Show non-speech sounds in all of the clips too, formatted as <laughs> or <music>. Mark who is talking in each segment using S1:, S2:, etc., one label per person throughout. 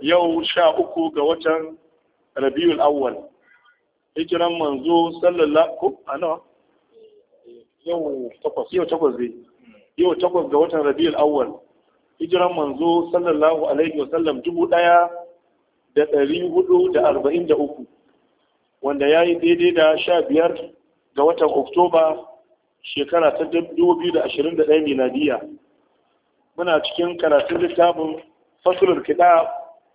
S1: yau sha uku ga watan rabiul awwal hijiran manzo sallallahu a nawa yau takwas yau takwas yau takwas ga watan rabiul awwal hijiran manzo sallallahu alaihi wa sallam dubu daya da ɗari hudu da arba'in da uku wanda ya yi daidai da sha biyar ga watan oktoba shekara ta dubu biyu da ashirin da ɗaya muna cikin karatun littafin fasulul kiɗa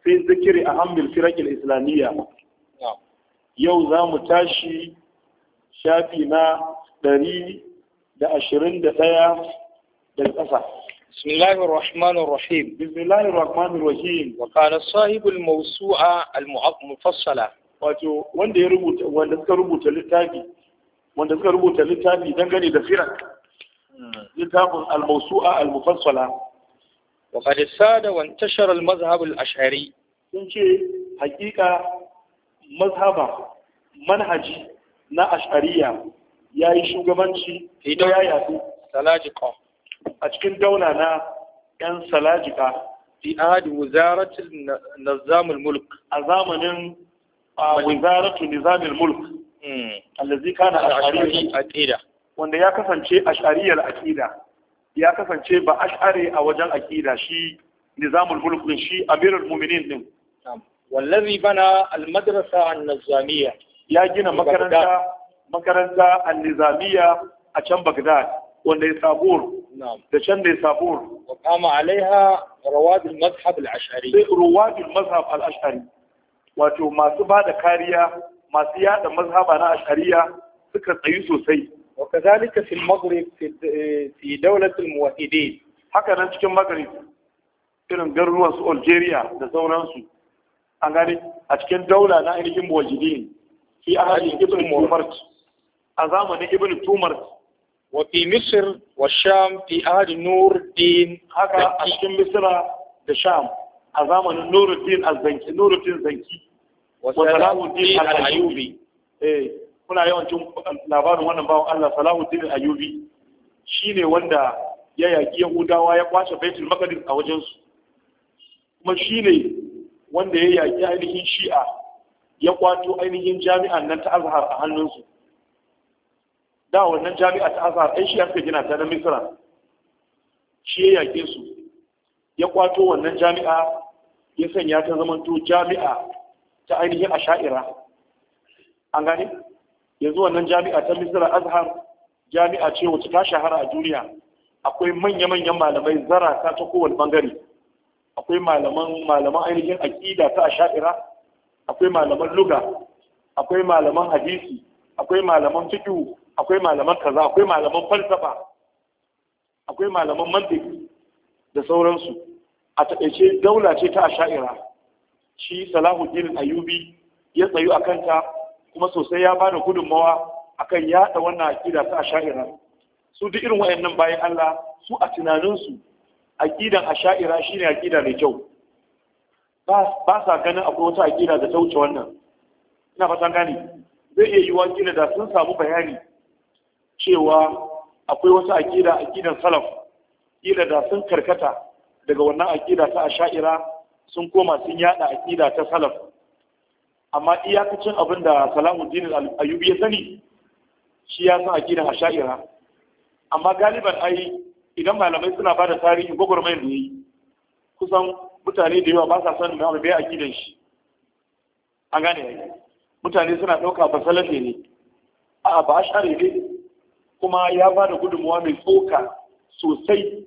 S1: fi zikiri a hamil firakil islamiyya yau za mu tashi shafi na ɗari da ashirin da ɗaya da ƙasa بسم الله الرحمن الرحيم بسم الله الرحمن الرحيم وقال صاحب الموسوعة المفصلة wanda suka rubuta littafi wanda suka da firak hmm. littafin al al wa qad sada wa intashara al ash'ari sun ce haƙiƙa mazhaba manhaji na ash'ariya yayi shugabanci idan ya yadu salajika a cikin daula na yan salajika fi ahadi wuzaratul nizamul mulk a zamanin wuzaratul nizamul mulk allazi kana ash'ariyya aqida wanda ya kasance ash'ariyya al-aqida ya kasance ba ash'ari a wajen aqida shi nizamul mulk din shi amirul mu'minin din wallazi bana al madrasa an nizamiyya ya gina makaranta makaranta an nizamiyya a can bagdad wanda ya sabur da can da ya sabur wa kama alaiha rawad al mazhab al ash'ari rawad al mazhab al ash'ari wato masu ba da kariya masu yada mazhaba na ash'ariya suka tsayi sosai وكذلك في المغرب في في دولة الموحدين haka nan cikin magrib irin garuruwan su Algeria da sauransu an gani a cikin daula na ainihin muwajidin fi ahli ibn Muhammad a zamanin ibn Tumar wa fi Misr wa Sham fi ahli Nuruddin haka a cikin Misra da Sham a zamanin Nuruddin az-Zanki Nuruddin Zanki wa Salahuddin muna yawan cin labarin wannan bawan Allah Salahuddin Ayyubi shine wanda ya yaki Yahudawa ya kwace Baitul Maqdis a wajen su kuma shine wanda ya yaki ainihin Shi'a ya kwato ainihin jami'an nan ta Azhar a hannun su da wannan jami'a ta Azhar ai Shi'a suka gina ta na Misra shi ya yake su ya kwato wannan jami'a ya sanya ta to jami'a ta ainihin asha'ira an gane yanzu wannan jami'a ta misra azhar jami'a ce wacce ta shahara a duniya akwai manya-manyan malamai zara ta kowane bangare akwai malaman malaman ainihin aqida ta asha'ira akwai malaman luga akwai malaman hadisi akwai malaman fiqh akwai malaman kaza akwai malaman falsafa akwai malaman mantiki da sauransu a taƙaice daula ce ta asha'ira shi salahuddin ayubi ya tsayu a kanta kuma sosai ya bada gudunmawa kan yada wannan akida ta asha'ira su duk irin wayannan bayan Allah su a tunaninsu akidan asha'ira shine akida mai kyau ba sa ganin akwai wata akida da ta wuce wannan ina fatan gani zai iya yiwuwa kila da sun samu bayani cewa akwai wata akida akidan salaf kila da sun karkata daga wannan akida ta asha'ira sun koma sun yada akida ta salaf amma iyakacin abin da salamuddin ayyubi ya sani shi ya san aqidan asha'ira amma galiban ai idan malamai suna ba da tarihi, gwagwarmayar da yi kusan mutane da yawa ba sa sanin mai bai aqidan shi an gane yayi mutane suna ɗauka ba salafi ne a ba ashari ne kuma ya ba da gudunmuwa mai tsoka sosai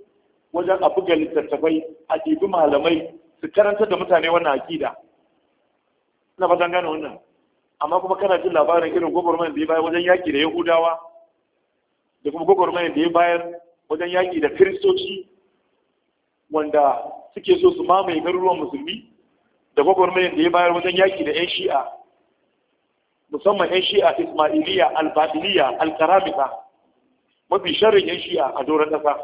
S1: wajen a ga littattafai a ɗibi malamai su karanta da mutane wannan aƙida. na ba gane wannan amma kuma kana jin labarin irin gwagwarmayar da ya bayar wajen yaƙi da yahudawa da kuma gwagwarmayar da ya bayar wajen yaƙi da kiristoci wanda suke so su mamaye garuruwan musulmi da gwagwarmayar da ya bayar wajen yaƙi da 'yan shi'a musamman 'yan shi'a ismailiya albabiliya alkaramika mafi sharrin 'yan shi'a a doron ƙasa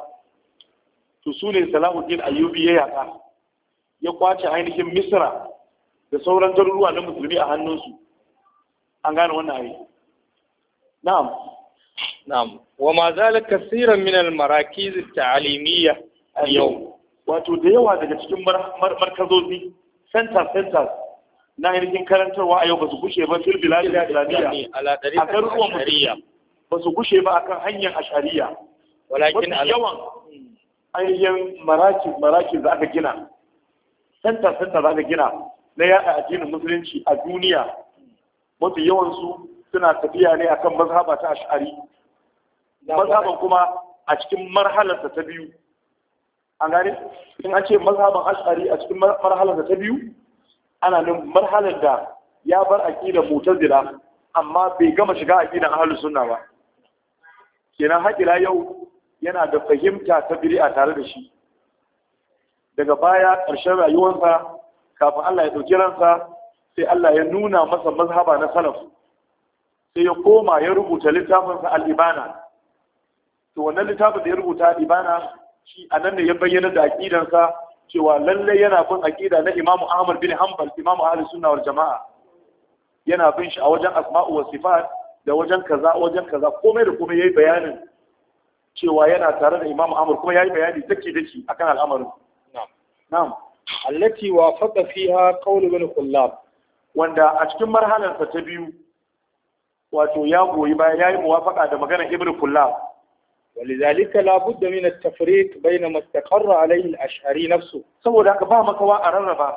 S1: to su ne din ayyubi ya yaƙa ya kwace ainihin misra da sauran garuruwa na musulmi a hannunsu an gane wannan ayi na'am na'am wa ma zalika kasiran min al marakiz al ta'limiyya al yawm wato da yawa daga cikin markazozi center center na ainihin karantarwa a yau ba su gushe ba fil bilad islamiyya a garuruwan musulmi ba su gushe ba akan hanyar ashariya walakin yawan ainihin marakiz marakiz da aka gina center center da aka gina na yada addinin musulunci a duniya mafi yawansu suna tafiya ne akan mazhaba ta ash'ari mazhaban kuma a cikin marhalarsa ta biyu an gane in an ce mazhaban ash'ari a cikin marhalarsa ta biyu ana nan marhalar da ya bar aqidar mu'tazila amma bai gama shiga aqidar ahlus sunna ba kenan hakila yau yana da fahimta ta bid'a tare da shi daga baya ƙarshen rayuwarsa kafin Allah ya ɗauki ransa sai Allah ya nuna masa mazhaba na salaf sai ya koma ya rubuta littafinsa al-ibana to wannan littafin da ya rubuta al-ibana shi a nan ne ya bayyana da aqidansa cewa lalle yana bin aqida na Imam Ahmad bin Hanbal Imam Ahlus Sunna wal Jama'a yana bin shi a wajen asma'u wa sifat da wajen kaza wajen kaza komai da komai yayi bayanin cewa yana tare da Imam Ahmad kuma yayi bayani dake dake akan al'amarin na'am na'am allati wafaqa fiha qawl ibn kullab wanda a cikin marhanarsa ta biyu wato ya goyi baya yi muwafaka da magana ibn kullab ولذلك لا بد من التفريق بين ما استقر عليه الأشعري نفسه saboda haka ba makawa a rarraba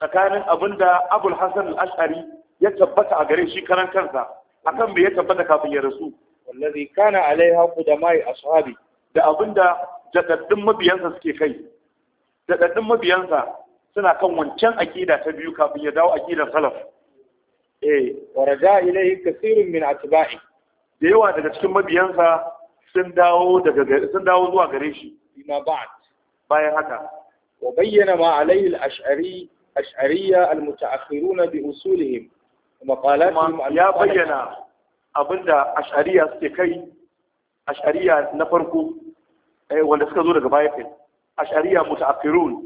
S1: tsakanin abinda Abul Hasan al-Ash'ari ya tabbata a gare shi karan kansa akan bai ya tabbata kafin ya rasu wallazi kana alaiha qudama'i ashabi da abinda jaddadin mabiyansa suke kai daɗaɗɗun mabiyansa suna kan wancan aƙida ta biyu kafin ya dawo aƙidar salaf eh wa raja ilayhi kasirin min atba'i da yawa daga cikin mabiyansa sun dawo daga sun dawo zuwa gare shi Ina ba'd bayan haka wa bayyana ma alayhi al-ash'ari ash'ariyya al-muta'akhirun bi usulihim ya bayyana abinda ash'ariyya suke kai ash'ariyya na farko eh wanda suka zo daga baya ash'ariya mutaakhirun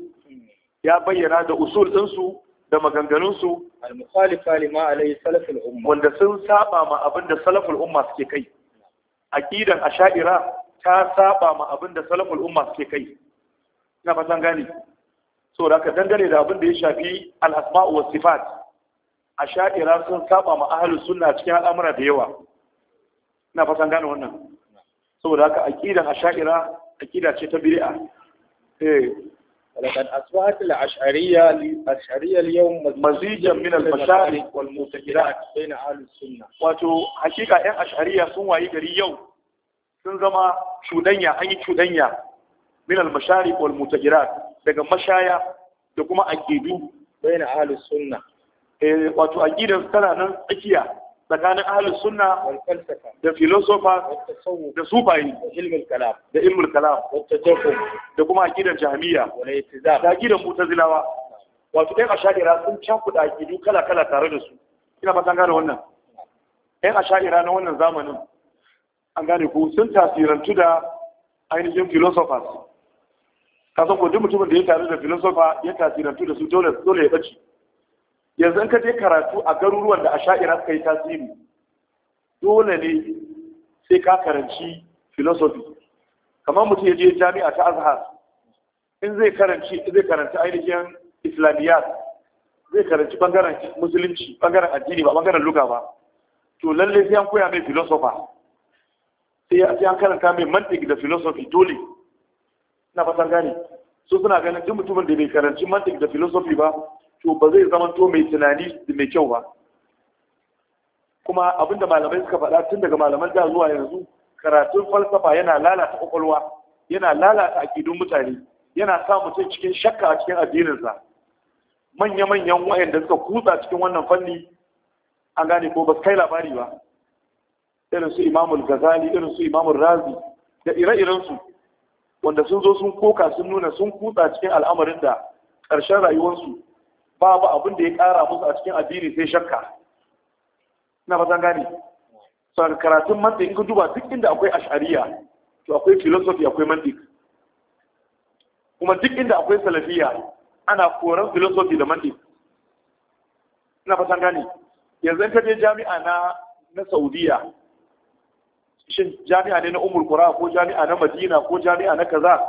S1: ya bayyana da usul ɗinsu da maganganunsu al-mukhalifa lima alayhi al umma wanda sun saba ma abin da al umma suke kai aqidan ash'ira ta saba ma abin da al umma suke kai ina fatan gane so da ka dangane da abin da ya shafi al-asma'u was sifat ash'ira sun saba ma ahlus sunna cikin al'amura da yawa ina fatan gane wannan saboda haka aqidan ash'ira aqida ce ta bid'a ولقد أصبحت الأشعرية الأشعرية اليوم مزيجا من المشاعر والمتجرات بين أهل السنة واتو حقيقة إن أشعرية سنوا إيجري يوم سنزما شودنيا أي شودنيا من المشاعر والمتجرات لكن مشايا da kuma بين bayan السنة واتو eh سنة aqidan tsakanin ahalin sunna da filosofa da sufayi da ilmul kalam da kuma aqidar jahmiya da aqidar mu'tazilawa wato ɗan asha'ira sun cakuɗa akidu kala kala tare da su ina ba gane wannan ɗan asha'ira na wannan zamanin an gane ku sun tasirantu da ainihin filosofa kasan ko mutumin da ya tare da filosofa ya tasirantu da su dole ya ɓaci. yanzu ka je karatu a garuruwan da asha'ira suka yi tasiri dole ne sai ka karanci philosophy kamar mutum ya je jami'a ta azhar in zai karanci zai karanta ainihin islamiyat zai karanci bangaren musulunci bangaren addini ba bangaren luga ba to lalle sai an koya mai philosopher sai an karanta mai mantiki da philosophy dole na fatan gane su suna ganin duk mutumin da bai karanci mantiki da philosophy ba to ba zai zama to mai tunani da mai kyau ba kuma abinda malamai suka faɗa tun daga malaman da zuwa yanzu karatun falsafa yana lalata kwakwalwa yana lalata akidun mutane yana sa mutum cikin shakka a cikin addininsa manya-manyan wayanda suka kutsa cikin wannan fanni an gane ko ba su kai labari ba irin su imamul gazali irin su imamul razi da ire-irensu wanda sun zo sun koka sun nuna sun kutsa cikin al'amarin da ƙarshen rayuwarsu babu abin da ya ƙara musu a cikin addini sai shakka ina ba zan gane saboda karatun mantik in ka duba duk inda akwai ash'ariya to akwai philosophy akwai mantik kuma duk inda akwai salafiya ana koran philosophy da mantik ina ba zan gane yanzu in ka je jami'a na na Saudiya shin jami'a ne na umur kura ko jami'a na Madina ko jami'a na kaza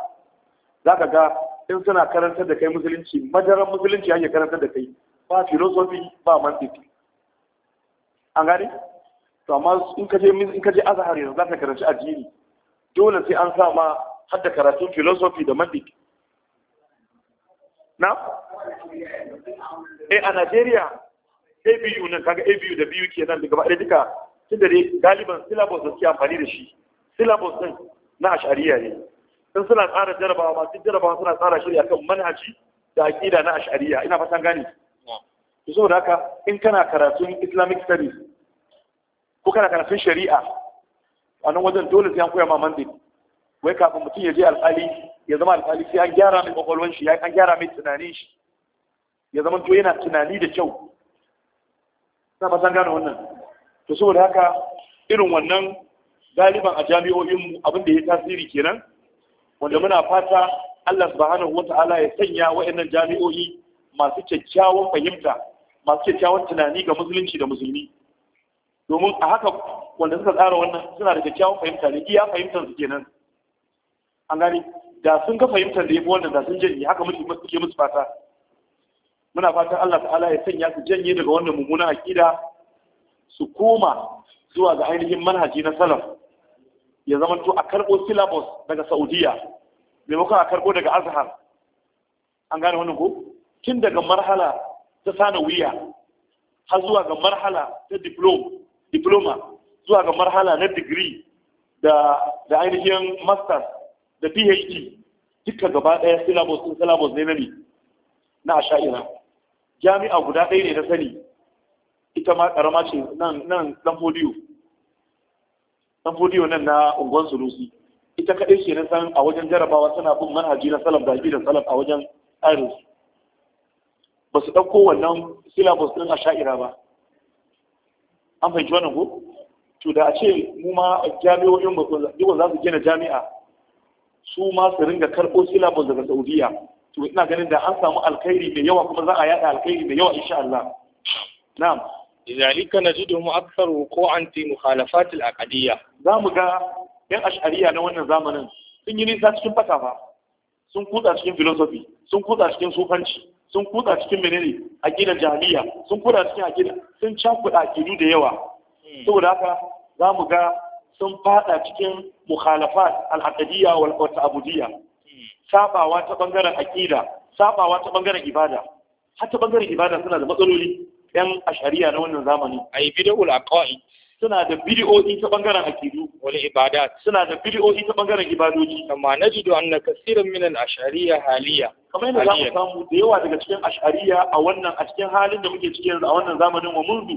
S1: Za ka ga in suna karantar da kai musulunci madaran musulunci ake karantar da kai ba filosofi ba mantiki an gane to amma in ka je in ka je azhar yanzu zaka karanci addini dole sai an sa ma har da karatun filosofi da mantiki na eh a Najeriya biyu nan kaga biyu da BU kenan daga ba duka da dai galiban syllabus da suke amfani da shi syllabus din na ashariya ne sun suna tsara jarabawa masu jarabawa suna tsara shirya kan manhaji da aƙida na ashariya ina fatan gane so da haka in kana karatun islamic studies ko kana karatun shari'a a nan wajen dole sai an koya ma mandik wai kafin mutum ya je alƙali ya zama alƙali sai an gyara mai kwakwalwan shi an gyara mai tunanin shi ya zama to yana tunani da kyau Ina fatan gane wannan to saboda haka irin wannan galiban a jami'o'in mu abin da ya tasiri kenan wanda muna fata Allah subhanahu wata'ala ya sanya wa'annan jami'o'i masu kyakkyawan fahimta masu kyakkyawan tunani ga musulunci da musulmi domin a haka wanda suka tsara wannan suna da kyakkyawan fahimta ne iya fahimtar su kenan an gani da sun ga fahimtar da ya fi wannan da sun janye haka muke musu fata muna fata Allah ta'ala ya sanya su janye daga wannan mummunan aƙida su koma zuwa ga ainihin manhaji na salaf ya zama to a karbo syllabus daga saudiya maimakon a karɓo daga azhar an gane wannan ko tun daga marhala ta wuya har zuwa ga marhala ta diploma zuwa ga marhala na digiri da ainihin masters da phd duka gaba ɗaya syllabus ɗin syllabus ne na ne na asha'ira jami'a guda ɗaya ne na sani ita ma ƙarama ce nan ɗan fodiyo dan fodiyo nan na unguwan sulusi ita kadai ke nan san a wajen jarabawa tana bin manhaji na salaf da da salaf a wajen iris ba su ɗauko wannan syllabus din a sha'ira ba an fahimci wannan ko to da a ce mu ma jami'o'in ba za su gina jami'a su ma su ringa karɓo syllabus daga saudiya to ina ganin da an samu alkhairi mai yawa kuma za a yada alkhairi mai yawa insha Allah na'am lidhalika da akthar wuqu'an fi mukhalafat al-aqdiyya zamu ga yan ash'ariya na wannan zamanin sun yi nisa cikin fasafa sun kutsa cikin philosophy sun kutsa cikin sufanci sun kutsa cikin menene aqidar jahiliya sun kutsa cikin sun da yawa saboda haka zamu ga sun fada cikin mukhalafat al-aqdiyya wal ta'budiyya sabawa ta bangaren aqida sabawa ta bangaren ibada har ta bangaren ibada suna da matsaloli yan ashariya na wannan zamani ay bid'ul aqaid suna da bid'o'i ta bangaren akidu wal ibadat suna da bid'o'i ta bangaren ibadoji amma najidu anna kaseeran min al ashariya haliya kamar yadda zamu samu da yawa daga cikin ashariya a wannan a cikin halin da muke cikin a wannan zamanin wa mundu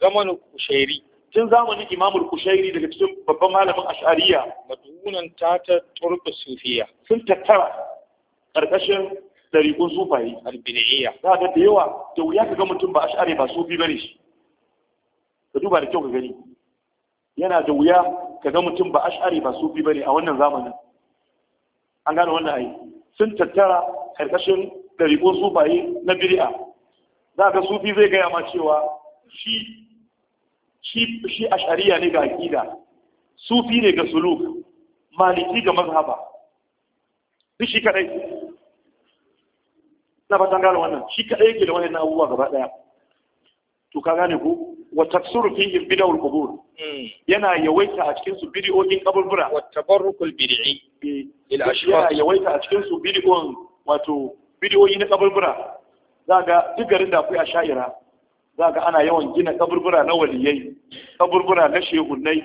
S1: zamanin kushairi tun zamanin imamul kushairi daga cikin babban malamin ashariya madunan tata turba sufiya sun tattara karkashin ɗariƙun sufaye albiniyya za ga da yawa da wuya ka ga mutum ba ash'ari ba sufi bane shi ka duba da kyau ka gani yana da wuya ka ga mutum ba ash'ari ba sufi bane a wannan zamanin an gane wannan ai sun tattara ƙarƙashin ɗariƙun sufaye na bid'a za ga sufi zai gaya ma cewa shi shi shi ash'ariya ne ga aƙida. sufi ne ga suluk maliki ga mazhaba duk shi kadai na fatan gane wannan shi kaɗai yake da wannan abubuwa gaba ɗaya to ka gane ku. wa taksuru fi bid'ul qubur hmm. yana yawaita a cikin su bid'o'in kaburbura wa tabarrukul bid'i eh. ila ashkhas yana yawaita a cikin su bid'o'in wato bid'o'i na kaburbura zaga ga da akwai asha'ira zaga ana yawan gina kaburbura na waliyai kaburbura na shehunnai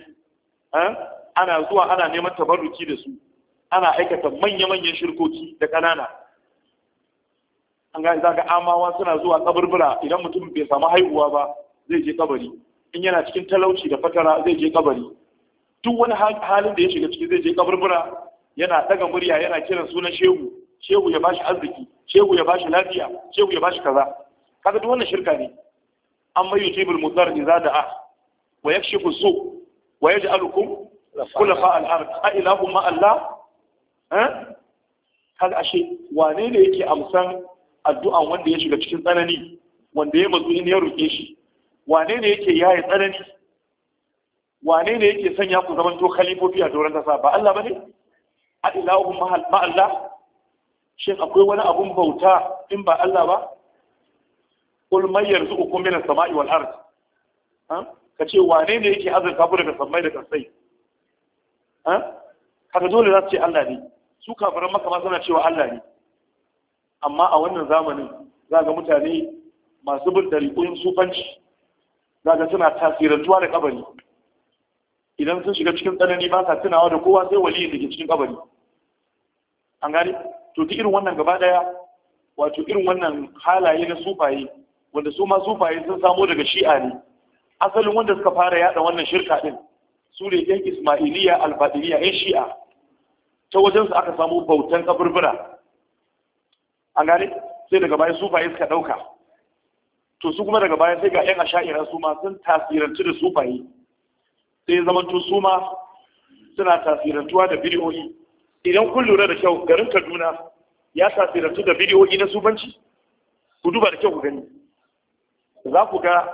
S1: eh? ana zuwa ana neman tabarruki da su ana aikata manya-manyan shirkoki da ƙanana an za zaka amawa suna zuwa kaburbura idan mutum bai samu haihuwa ba zai je kabari in yana cikin talauci da fatara zai je kabari duk wani halin da ya shiga ciki zai je kaburbura yana daga murya yana kiran sunan shehu shehu ya bashi arziki shehu ya bashi lafiya shehu ya bashi kaza kaga duk wannan shirka ne amma yujibul mudar idza da'a wa yakshifu su wa yaj'alukum khulafa al-ard a ilahu ma Allah eh kaga ashe wane ne yake amsan addu'an wanda ya shiga cikin tsanani wanda ya mazu in ya roƙe shi wane ne yake yi tsanani wane ne yake sanya ku zaman to kalifofi a doron kasa ba Allah ba ne? adilahu ma Allah shin akwai wani abun bauta in ba Allah ba kul may yarzuqukum min samai wal ard ka ce wane ne yake azurta ku daga sammai da kasai haka dole za su ce Allah ne su kafiran maka ma suna cewa Allah ne amma a wannan zamanin za ga mutane masu bin dariƙun sufanci za ga suna tasirantuwa da kabari idan sun shiga cikin tsanani ba sa tunawa da kowa sai waliyin da ke cikin kabari an gani to ta irin wannan gaba daya wato irin wannan halaye na sufaye wanda su ma sufaye sun samo daga shi'a ne asalin wanda suka fara yada wannan shirka din su ne yan ismailiya albadiliya ɗan shi'a ta wajensu aka samu bautan kaburbura an gane sai daga baya sufaye suka ɗauka to su kuma daga baya sai ga 'yan asha'ira su ma sun tasirantu da sufaye sai ya zamanto su ma suna tasirantuwa da bidiyoyi idan kun lura da kyau garin kaduna ya tasirantu da bidiyoyi na sufanci ku duba da kyau ku gani za ku ga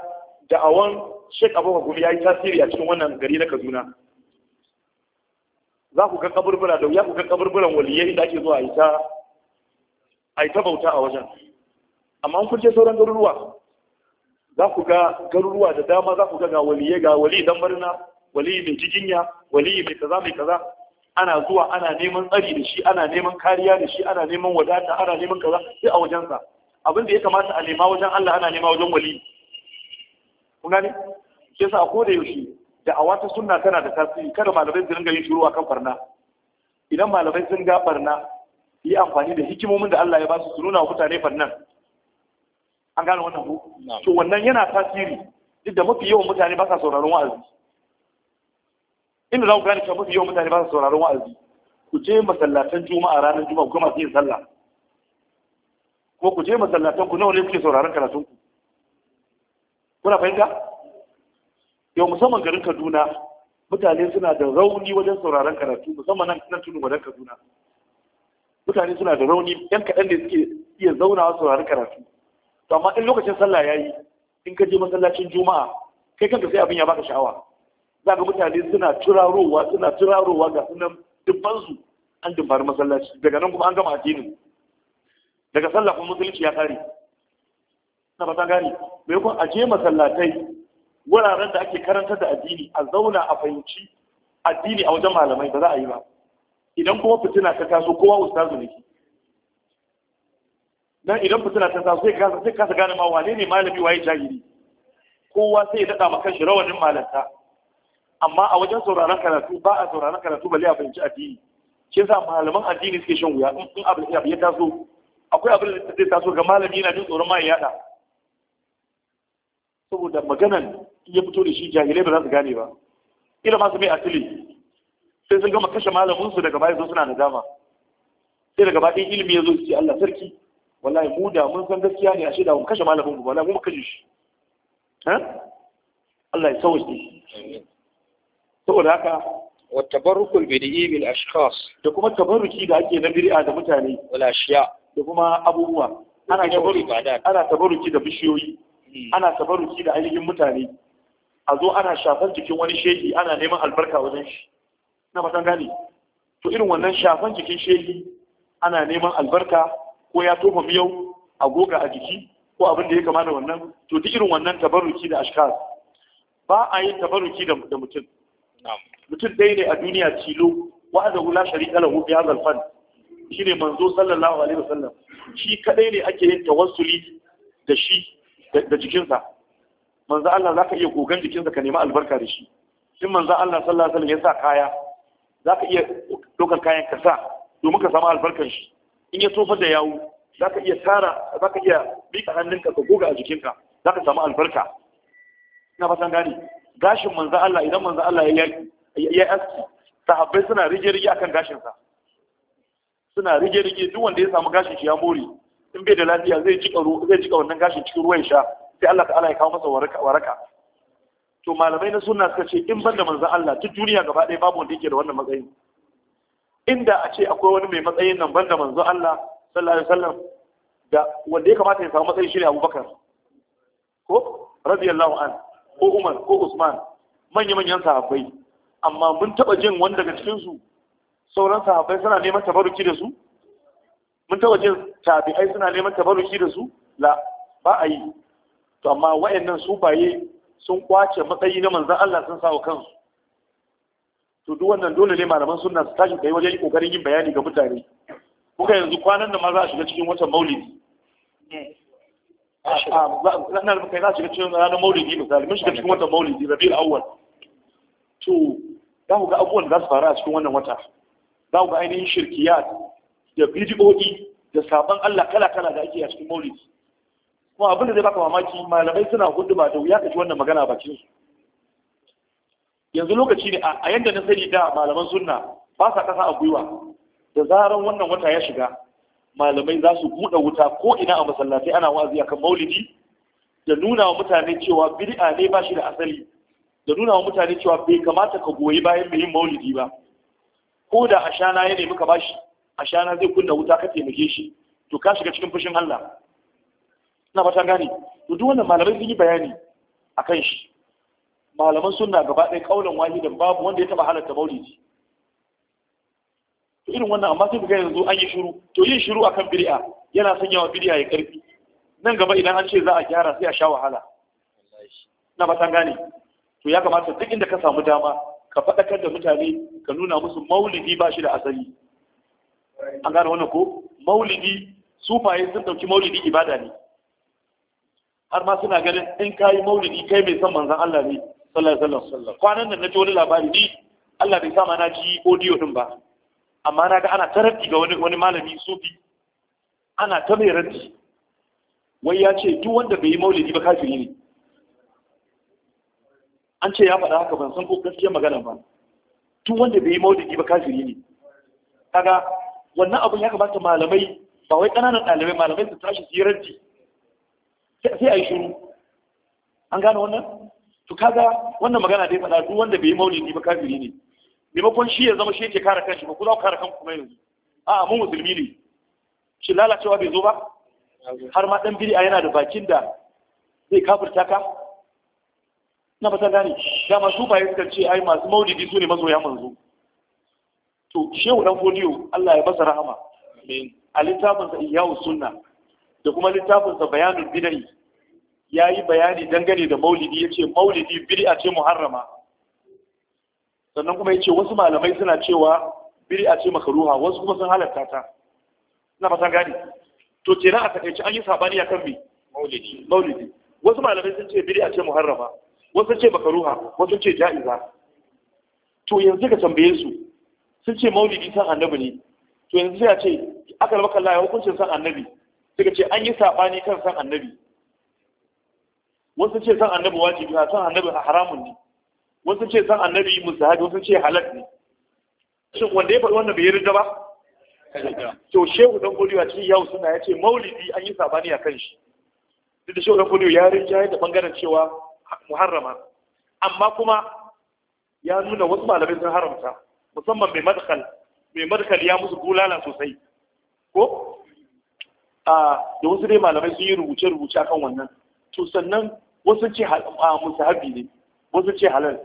S1: da'awan shek abubakar gumi ya yi tasiri a cikin wannan gari na kaduna za ku ga kaburbura da ya ku ga kaburburan waliyai da ake zuwa a yi ta a yi tabauta a wajen amma kun je sauran garuruwa za ku ga garuruwa da dama za ku ga ga waliye ga wali dan barna wali mai jijinya wali mai kaza mai kaza ana zuwa ana neman tsari da shi ana neman kariya da shi ana neman wadata ana neman kaza sai a wajensa abin da ya kamata a nema wajen Allah ana nema wajen wali kun gane shi yasa ko da yaushe da a wata sunna tana da tasiri kada malamai su ringa yin shiru akan barna idan malamai sun ga barna yi amfani da hikimomin da Allah ya ba su su nuna wa mutane fannan an gane wannan ku to wannan yana tasiri duk da mafi yawan mutane ba sa sauraron wa'azi inda za ku gane cewa mafi yawan mutane ba sa sauraron wa'azi ku je masallatan juma'a ranar juma'a ku kuma yin sallah ko ku je masallatan ku nawa ne kuke sauraron karatun ku kuna fahimta yau musamman garin Kaduna mutane suna da rauni wajen sauraron karatu musamman nan tudu wajen Kaduna mutane suna da rauni yan kaɗan da suke iya zaunawa saurari karatu to amma in lokacin sallah ya yi in ka je masallacin juma'a kai kanka sai abin ya baka sha'awa za ka mutane suna turarowa suna turarowa ga sunan dubbansu an dubbar masallaci daga nan kuma an gama addinin daga sallah kuma musulunci ya kare na ba ta gane mai a je masallatai wuraren da ake karanta da addini a zauna a fahimci addini a wajen malamai ba za a yi ba idan kuma fitina ta taso kowa ustazu ne ki dan idan fitina ta taso sai kasa sai kasa gane ma wane ne malami waye jahili kowa sai ya dada ma kanshi rawanin malanta amma a wajen sauraron karatu ba a sauraron karatu balle a fahimci addini shi yasa malaman addini suke shan wuya in abu ya taso akwai abin da zai taso ga malami yana jin tsoron ma ya yada saboda maganan ya fito da shi jahilai ba za su gane ba ila ma su mai asili sai sun gama kashe malamin su daga baya zo suna nadama sai daga baya ilimi ya zo su ce Allah sarki wallahi mu da mun san gaskiya ne ashe da mun kashe malamin ku wallahi mun kashe shi ha Allah ya sauke saboda haka wa tabarrukul bid'i bil ashkhas da kuma tabarruki da ake na bid'a da mutane wal ashiya da kuma abubuwa ana tabarruki ana tabarruki da bishiyoyi hmm. ana tabarruki da ainihin mutane a zo ana shafar jikin wani shehi ana neman albarka wajen shi na ba gane to irin wannan shafan jikin shehi ana neman albarka ko ya tofa miyau a goga a jiki ko abin da ya kama da wannan to duk irin wannan tabarruki da ashkar ba a yi tabarruki da mutum mutum ɗaya ne a duniya tilo wa'ada la sharika lahu bi hadha al-fan shine manzo sallallahu alaihi wasallam shi kadai ne ake yin tawassuli da shi da jikinsa manzo Allah zaka iya gogan jikinsa ka nemi albarka da shi Shin manzo Allah sallallahu alaihi wasallam ya sa kaya za ka iya ɗaukar kayan ka sa domin ka samu albarkar shi in ya tofar da yawu za ka iya tara za ka iya miƙa hannunka ka goga a jikinka za ka samu albarka ina fatan gani gashin manzo Allah idan manzo Allah ya yi aski sahabbai suna rige-rige akan gashinsa suna rige-rige duk wanda ya samu gashin shi ya more in bai da lafiya zai jika wannan gashin cikin ruwan sha sai Allah ta'ala ya kawo masa waraka to malamai na sunna suka ce in banda manzon Allah duk duniya gaba ɗaya babu wanda yake da wannan matsayi inda a ce akwai wani mai matsayin nan banda manzon Allah sallallahu alaihi wasallam da wanda ya kamata ya samu matsayi shine Abubakar ko radiyallahu an ko Umar ko Usman manya-manyan sahabbai amma mun taba jin wani daga cikin su sauran sahabbai suna neman tabaruki da su mun taba jin tabi'ai suna neman tabaruki da su la ba a yi to amma wa'annan su baye sun kwace matsayi na manzan Allah sun sa wa kansu to duk wannan dole ne malaman sunna su tashi kai wajen kokarin yin bayani ga mutane kuka yanzu kwanan da ma za a shiga cikin watan maulidi na da kai za a shiga cikin ranar maulidi misali mun shiga cikin watan maulidi Rabi'u awwal to za ku ga abubuwan da za su faru a cikin wannan wata za ku ga ainihin shirkiyat da bidiyoyi da sabon Allah kala-kala da ake a cikin maulidi kuma abin da zai baka mamaki malamai suna huduma da wuya ka ji wannan magana bakin su yanzu lokaci ne a yadda na sani da malaman sunna ba sa kasa a gwiwa da zaran wannan wata ya shiga malamai za su buɗe wuta ko ina a masallatai ana wa'azi akan maulidi da nuna wa mutane cewa bid'a ne ba shi da asali da nuna wa mutane cewa bai kamata ka goyi bayan mai yin maulidi ba ko da ashana ya nemi ka bashi ashana zai kunna wuta ka taimake shi to ka shiga cikin fushin Allah na fatan gane to duk wannan malamai sun yi bayani akan shi malaman sunna gaba ɗaya kaulan wahidan babu wanda ya taba halatta maulidi to irin wannan amma sai buga yanzu an yi shiru to yin shiru akan bid'a yana sanya wa bid'a ya karfi nan gaba idan an ce za a gyara sai a sha wahala na fatan gane to ya kamata duk inda ka samu dama ka faɗakar da mutane ka nuna musu maulidi ba shi da asali an gane wannan ko maulidi sufaye sun ɗauki maulidi ibada ne har ma suna ganin in kayi maulidi kai mai son manzan Allah ne sallallahu alaihi wasallam kwanan nan na ji wani labari ni Allah bai sama na ji audio din ba amma na ga ana tarafi ga wani wani malami sufi ana ta mai raddi wai ya ce duk wanda bai yi maulidi ba kafiri ne an ce ya faɗa haka ban san ko gaskiyar magana ba duk wanda bai yi maulidi ba kafiri ne kaga wannan abun ya kamata malamai ba wai ƙananan ɗalibai malamai su tashi su yi raddi sai a yi shiru an gane wannan to kaga wannan magana dai faɗa duk wanda bai yi maulidi ba kafiri ne maimakon shi ya zama shi yake kare kanshi ba ku za ku kare kanku kuma yanzu a'a mu musulmi ne shi lalacewa bai zo ba har ma dan bid'a yana da bakin da zai kafirta ka na ba ta gane masu ba bayan suka ce ai masu maulidi su ne mazoya manzo to shehu dan fodiyo Allah ya basa rahama a littafinsa iyawu sunna da kuma littafinsa bayanin bid'i ya yi bayani dangane da maulidi ya ce maulidi bid'a ce muharrama sannan kuma ya ce wasu malamai suna cewa bid'a ce makaruha wasu kuma sun halatta ta ina fatan gani to kenan a takaice an yi sabani akan me maulidi maulidi wasu malamai sun ce bid'a ce muharrama wasu ce makaruha wasu ce ja'iza to yanzu ka tambaye su sun ce maulidi san annabi ne to yanzu sai a ce aka bakalla ya hukuncin san annabi suka ce an yi saɓani kan san annabi wasu ce san annabi wajibi na san annabi a haramun ne wasu ce san annabi musahabi wasu ce halak ne shin wanda ya faɗi wannan bai yarda ba to shehu dan a cikin yawo suna ya ce maulidi an yi saɓani a kan shi duk da shehu dan godiwa ya rinjaye da ɓangaren cewa muharrama amma kuma ya nuna wasu malamai sun haramta musamman mai madakal mai madakal ya musu bulala sosai ko da wasu dai malamai sun yi rubuce-rubuce kan wannan to sannan wasu ce Habi ne wasu ce halal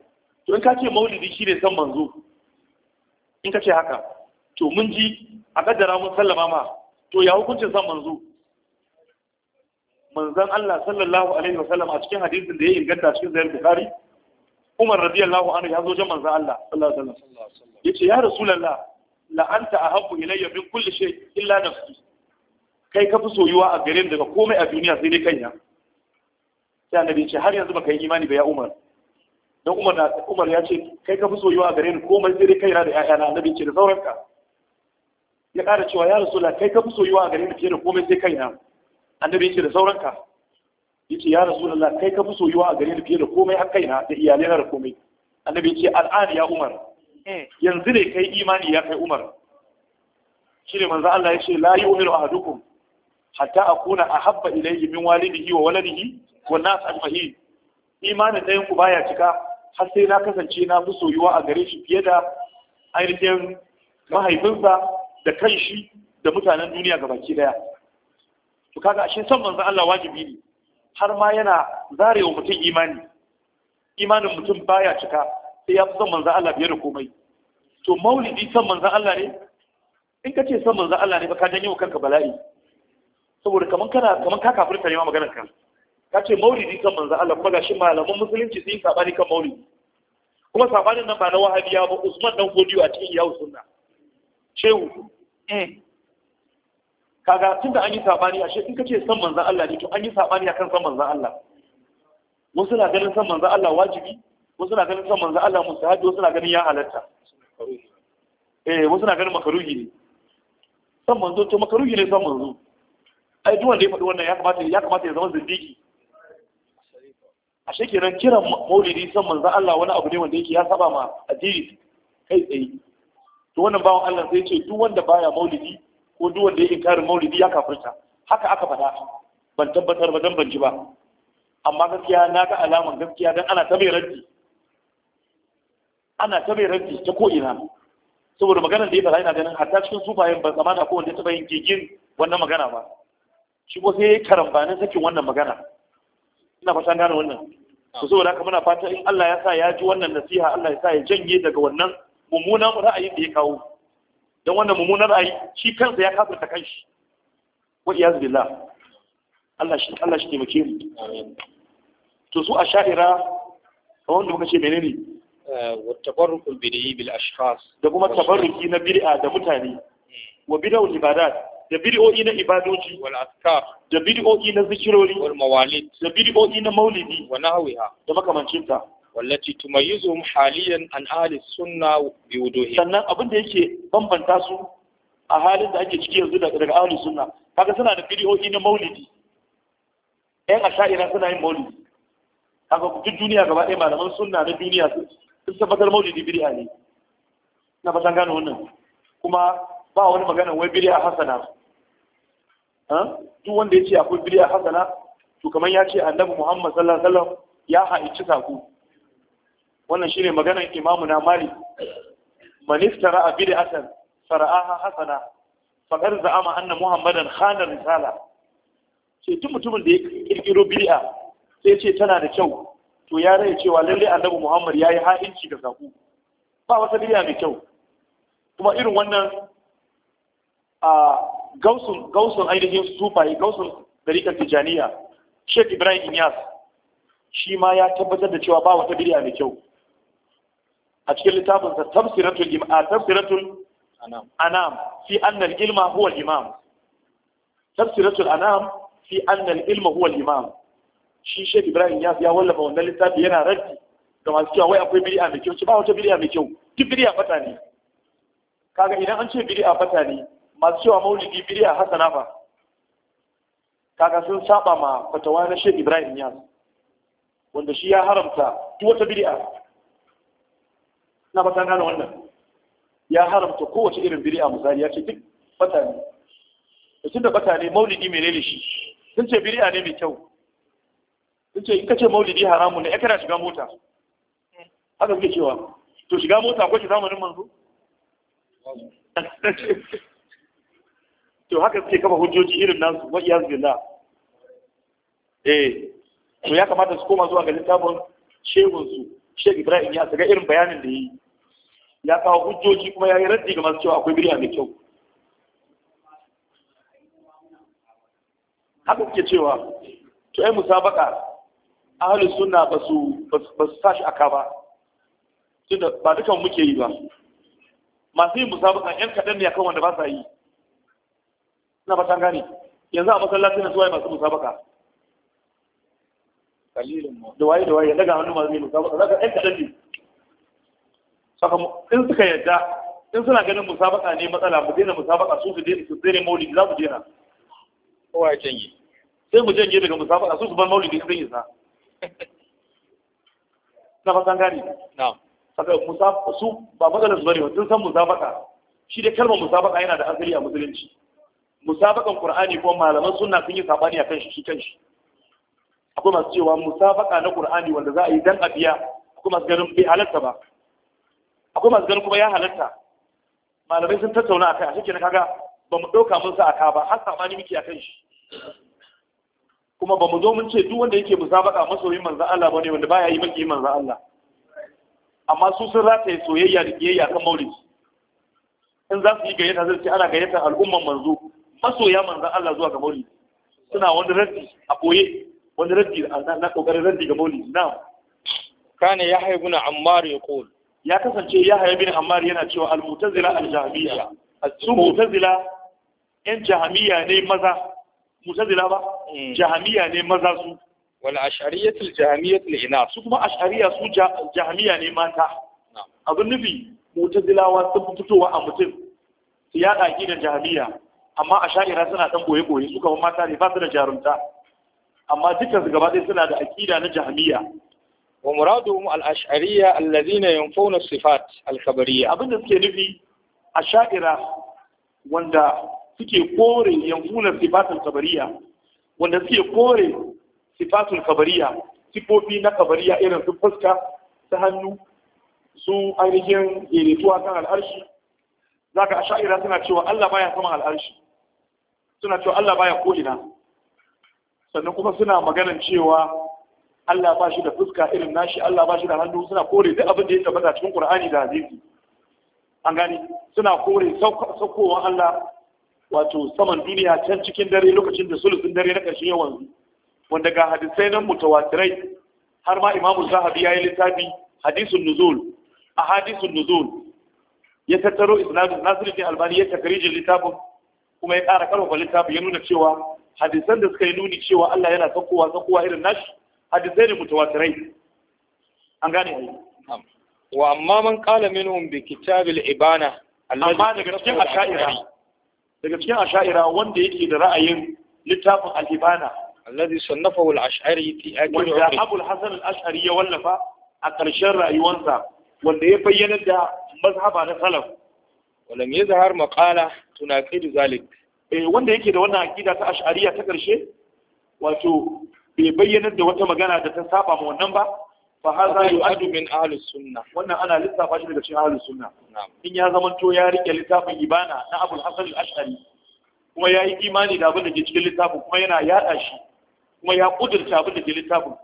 S1: to in ka ce maulidi shi ne san manzo in ka ce haka to mun ji a kaddara mun sallama ma to ya hukuncin san manzo Manzan Allah sallallahu alaihi wa sallam a cikin hadisin da ya inganta cikin zayar bukari Umar radiyallahu anhu ya zo jan Allah sallallahu alaihi wasallam yace ya rasulullah la anta ahabbu ilayya min kulli shay illa nafsi kai ka fi soyuwa a gare daga komai a duniya sai dai kanya sai annabi ce har yanzu baka yi imani ba ya umar dan umar na umar ya ce kai ka fi soyuwa a gare ni komai sai dai kaina da na annabi ce da sauranka ya ƙara cewa ya rasula kai ka fi soyuwa a gare ni fiye da komai sai kaina annabi ce da sauranka yace ya rasulullah kai ka fi soyuwa a gare ni fiye da komai har kaina da iyalai na da komai annabi ce al'an ya umar eh. yanzu ne kai imani ya kai umar shi ne manzo Allah ya ce la yu'minu ahadukum hatta akuna ahabba ilayhi min walidihi wa waladihi wa nas ajma'in imanin ɗayan ku baya cika har sai na kasance na fi soyuwa a gare shi fiye da ainihin mahaifinsa da shi da mutanen duniya gabaki daya to kaga ashe san manzon Allah wajibi ne har ma yana zarewa mutum imani imanin mutum baya cika sai ya fi son manzon Allah biyar da komai to maulidi san manzon Allah ne in ka ce san manzon Allah ne ba ka wa kanka bala'i saboda kaman kana ka kafirta ne ma maganar ka ka ce maulidi kan manzo Allah kuma gashi malaman musulunci sun yi sabani kan maulidi kuma sabanin nan ba na wahabiya ba Usman dan godiyo a cikin yawo sunna shehu eh. kaga tunda an yi sabani ashe in kace san manzon Allah ne to an yi sabani akan san manzon Allah wasu na ganin san manzon Allah wajibi wasu na ganin san manzon Allah mustahabi wasu na ganin ya halatta eh wasu na ganin makaruhi ne san manzo to makaruhi ne san manzo ai duk wanda ya faɗi wannan ya kamata ya kamata ya zama zindiki ashe kenan kiran maulidi san manzo Allah wani abu ne wanda yake ya saba ma addini kai tsaye to wannan bawan Allah sai ce duk wanda baya maulidi ko duk wanda ya inkarin maulidi ya kafirta haka aka faɗa ban tabbatar ba dan ban ji ba amma gaskiya na ga alaman gaskiya dan ana ta mai ana ta mai raddi ta ko ina saboda maganar da ya faɗa ina ganin hatta cikin sufayen ban tsamana ko wanda ya taɓa yin gigin wannan magana ba shi ko sai ya karambanin sakin wannan magana ina fata gane wannan to saboda haka muna fata in Allah ya sa ya ji wannan nasiha Allah ya sa ya janye daga wannan mummunan ra'ayin da ya kawo don wannan mummunan ra'ayi shi kansa ya ta kanshi wa iyaz billah Allah shi Allah shi taimake mu to su a sha'ira kawai da muka ce menene eh, wa tabarrukul bid'i bil ashkhas da kuma tabarruki na bid'a da mutane hmm. wa ibadat da bidiyo'i na ibadoci wal askar da bidiyo'i na zikirori wal mawalid da bidiyo'i na maulidi wa nahwiha da makamancinta wallati tumayyizuhum haliyan an ahli sunna bi wuduhi sannan abin da yake bambanta su a halin da ake ciki yanzu daga ahli sunna kaga suna da bidiyo'i na maulidi ɗan asha'ira suna yin maulidi kaga duk duniya gaba ɗaya malaman sunna na duniya sun tabbatar maulidi bid'a ne na fatan gano wannan kuma ba wani magana wai bid'a hasana duk wanda ya ce akwai bid'a hasana to kamar ya ce annabi Muhammad sallallahu alaihi wasallam ya haici saku wannan shine maganar imamu na mali man iftara bid'atan fara'aha hasana faqad za'ama anna muhammadan khana risala ce duk mutumin da ya kirkiro bid'a sai ce tana da kyau to ya rai cewa lalle annabi Muhammad yayi ha'inci da saku ba wata bid'a mai kyau kuma irin wannan a gausun ainihin sufaye gausun dariƙar tijaniya Sheikh Ibrahim Inyas shi ma ya tabbatar da cewa ba wata birya mai kyau a cikin littafinsa tafsiratul anam fi annal ilma huwa imam tafsiratul anam fi annal ilma huwa imam shi Sheikh Ibrahim Inyas ya wallafa wannan littafi yana raddi ga masu cewa wai akwai birya mai kyau ci ba wata birya mai kyau duk birya fata ne kaga idan an ce birya fata ne masu cewa maulidi a hasana fa kaga sun saba ma fatawa na Sheikh Ibrahim ya? wanda shi ya haramta duk wata bidiya na ba ta gane wannan ya haramta kowace irin bidiya misali ya ce duk da ne da tunda bata ne maulidi shi sun ce bidiya ne mai kyau sun ce in ka ce maulidi haramu ne ya kana shiga mota haka suke cewa to shiga mota kwace shi zamanin manzo to haka suke kafa hujjoji irin nasu wa iyaz billah eh to ya kamata su koma zuwa ga littafin shehun su Sheikh Ibrahim ya saka irin bayanin da yi ya kawo hujjoji kuma ya yi raddi ga masu cewa akwai bid'a mai kyau haka suke cewa to ai musabaka ahlus sunna ba su ba su tashi aka ba tunda ba dukan muke yi ba masu yin musabaka yan kaɗan ne akan wanda ba sa yi ina ba gane yanzu a masallaci na suwaye masu musabaka da waye da waye daga hannu masu musabaka zaka ɗan kaɗan ne saka in suka yadda in suna ganin musabaka ne matsala mu daina musabaka su su daina su daina maulidi za mu daina kowa ya canje sai mu janye daga musabaka su su bar maulidi in zai yi sa <laughs> na fasan gani na'am saka musabaka su ba matsalar su bane ba sun san musabaka shi dai kalmar musabaka yana da asali a musulunci musabakan qur'ani ko malaman sunna sun yi sabani akan shi shi kanshi akwai masu cewa musabaka na qur'ani wanda za a yi dan abiya akwai masu ganin bai halatta ba akwai masu ganin kuma ya halatta malamai sun tattauna akai a cikin kaga ba mu dauka mun sa aka ba har sabani muke akan shi kuma ba mu zo mun ce duk wanda yake musabaka masoyin manzo Allah bane wanda baya yi maki manzo Allah amma su sun rataye soyayya da kiyayya kan maulidi in za su yi gayyata zai ce ana gayyatar al'umman manzo masoya manzan Allah zuwa ga maulidi suna wani raddi a koye wani raddi na kokarin raddi ga maulidi na kane ya haibu na ammar ya kol ya kasance ya haibu na ammar yana cewa almutazila aljahamiya a cikin mutazila yan jahamiya ne maza mutazila ba mm. jahamiya ne maza su wal ash'ariyatul jahamiyatul ina su kuma ash'ariya su jahamiya ne mata abin nufi mutazilawa sun fitowa a mutum su yada gidan jahamiya amma a sha'ira suna ɗan ɓoye-ɓoye su kamar mata ne ba su da jarumta amma dukkan su gaba ɗaya suna da aƙida na jahamiya. wa muraduhum al-ash'ariyya alladhina yanfawna sifat al-khabariyya abinda suke nufi a sha'ira wanda suke kore yanfuna sifat al-khabariyya wanda suke kore sifatul khabariyya sifofi na khabariyya irin su fuska ta hannu su ainihin irituwa kan al'arshi zaka a sha'ira suna cewa Allah baya sama al'arshi suna cewa Allah baya ko'ina, ina sannan kuma suna maganin cewa Allah ba shi da fuska irin nashi Allah ba shi da hannu suna kore duk abin da ya tabbata cikin Qur'ani da hadisi an gani suna kore saukowar Allah wato saman duniya can cikin dare lokacin da sulusun dare na ƙarshe ya wanda ga hadisai nan mutawatirai har ma Imam Zahabi yayi littafi hadisun nuzul a hadisun nuzul ya tattaro isnadin Nasiruddin Albani ya takarijin littafin kuma ya ƙara karfafa littafin ya nuna cewa hadisan da suka yi nuni cewa Allah yana sakowa sakowa irin nashi hadisai ne mutawatirai an gane ne wa amma man qala minhum bi kitabil ibana amma daga cikin asha'ira daga cikin asha'ira wanda yake da ra'ayin littafin al-ibana alladhi sannafahu al-ash'ari fi akhir wanda Abu al-Hasan al-Ash'ari ya wallafa a ƙarshen rayuwarsa wanda ya bayyana da mazhaba na salaf ولم يظهر مقالة tunaqidu zalik eh wanda yake da wannan akida ta ash'ariya ta karshe wato bai bayyanar da wata magana da ta saba ma wannan ba fa hadha yu'addu min ahli sunna wannan ana lissafa shi daga cikin ahli sunna in ya to ya rike littafin ibana na abul hasan al-ash'ari kuma ya yi imani da abin da ke cikin littafin kuma yana yada shi kuma ya kudurta abin da ke littafin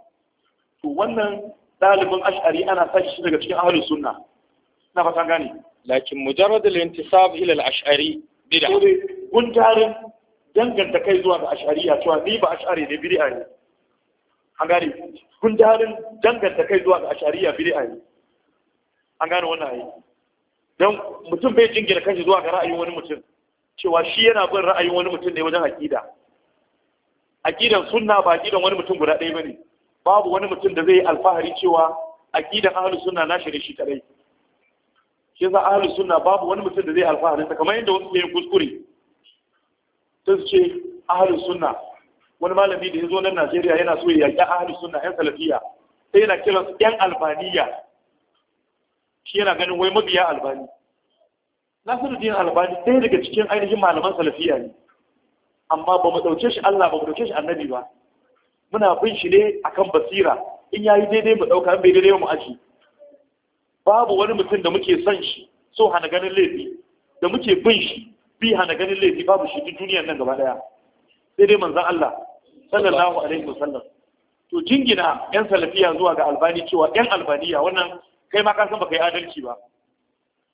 S1: to wannan dalibin ash'ari ana sashi shi daga cikin ahli sunna na fatan gane lakin mujarrad al-intisab ila al-ash'ari bid'a ko dai guntarin danganta kai zuwa ga ashariya cewa ni ba ashari ne bid'a ne an gane guntarin danganta kai zuwa ga ashariya bid'a ne an gane wannan ayi dan mutum bai jingina kanshi zuwa ga ra'ayin wani mutum cewa shi yana bin ra'ayin wani mutum ne wajen aqida aqidan sunna ba aqidan wani mutum guda ɗaya bane babu wani mutum da zai yi alfahari cewa aqidan ahlus sunna na shi shi kadai shi yasa ahlus sunna babu wani mutum da zai alfahari ta kamar yadda wasu yayin kuskure Ta su ce ahlus sunna wani malami da ya zo nan Najeriya yana so ya yaƙi ahlus sunna yan salafiya sai yana kiran su yan albaniya shi yana ganin wai mabiya albani Nasiruddin albani sai daga cikin ainihin malaman salafiya ne amma ba mu ɗauke shi Allah ba mu ɗauke shi annabi ba muna bin shi ne akan basira in yayi daidai mu ɗauka in bai daidai mu aji babu wani mutum da muke son shi so hana ganin laifi da muke bin shi bi hana ganin laifi babu shi duk duniyar nan gaba daya sai dai manzan Allah sallallahu alaihi wasallam to jingina yan salafiya zuwa ga albani cewa yan albaniya wannan kai ma ka san baka yi adalci ba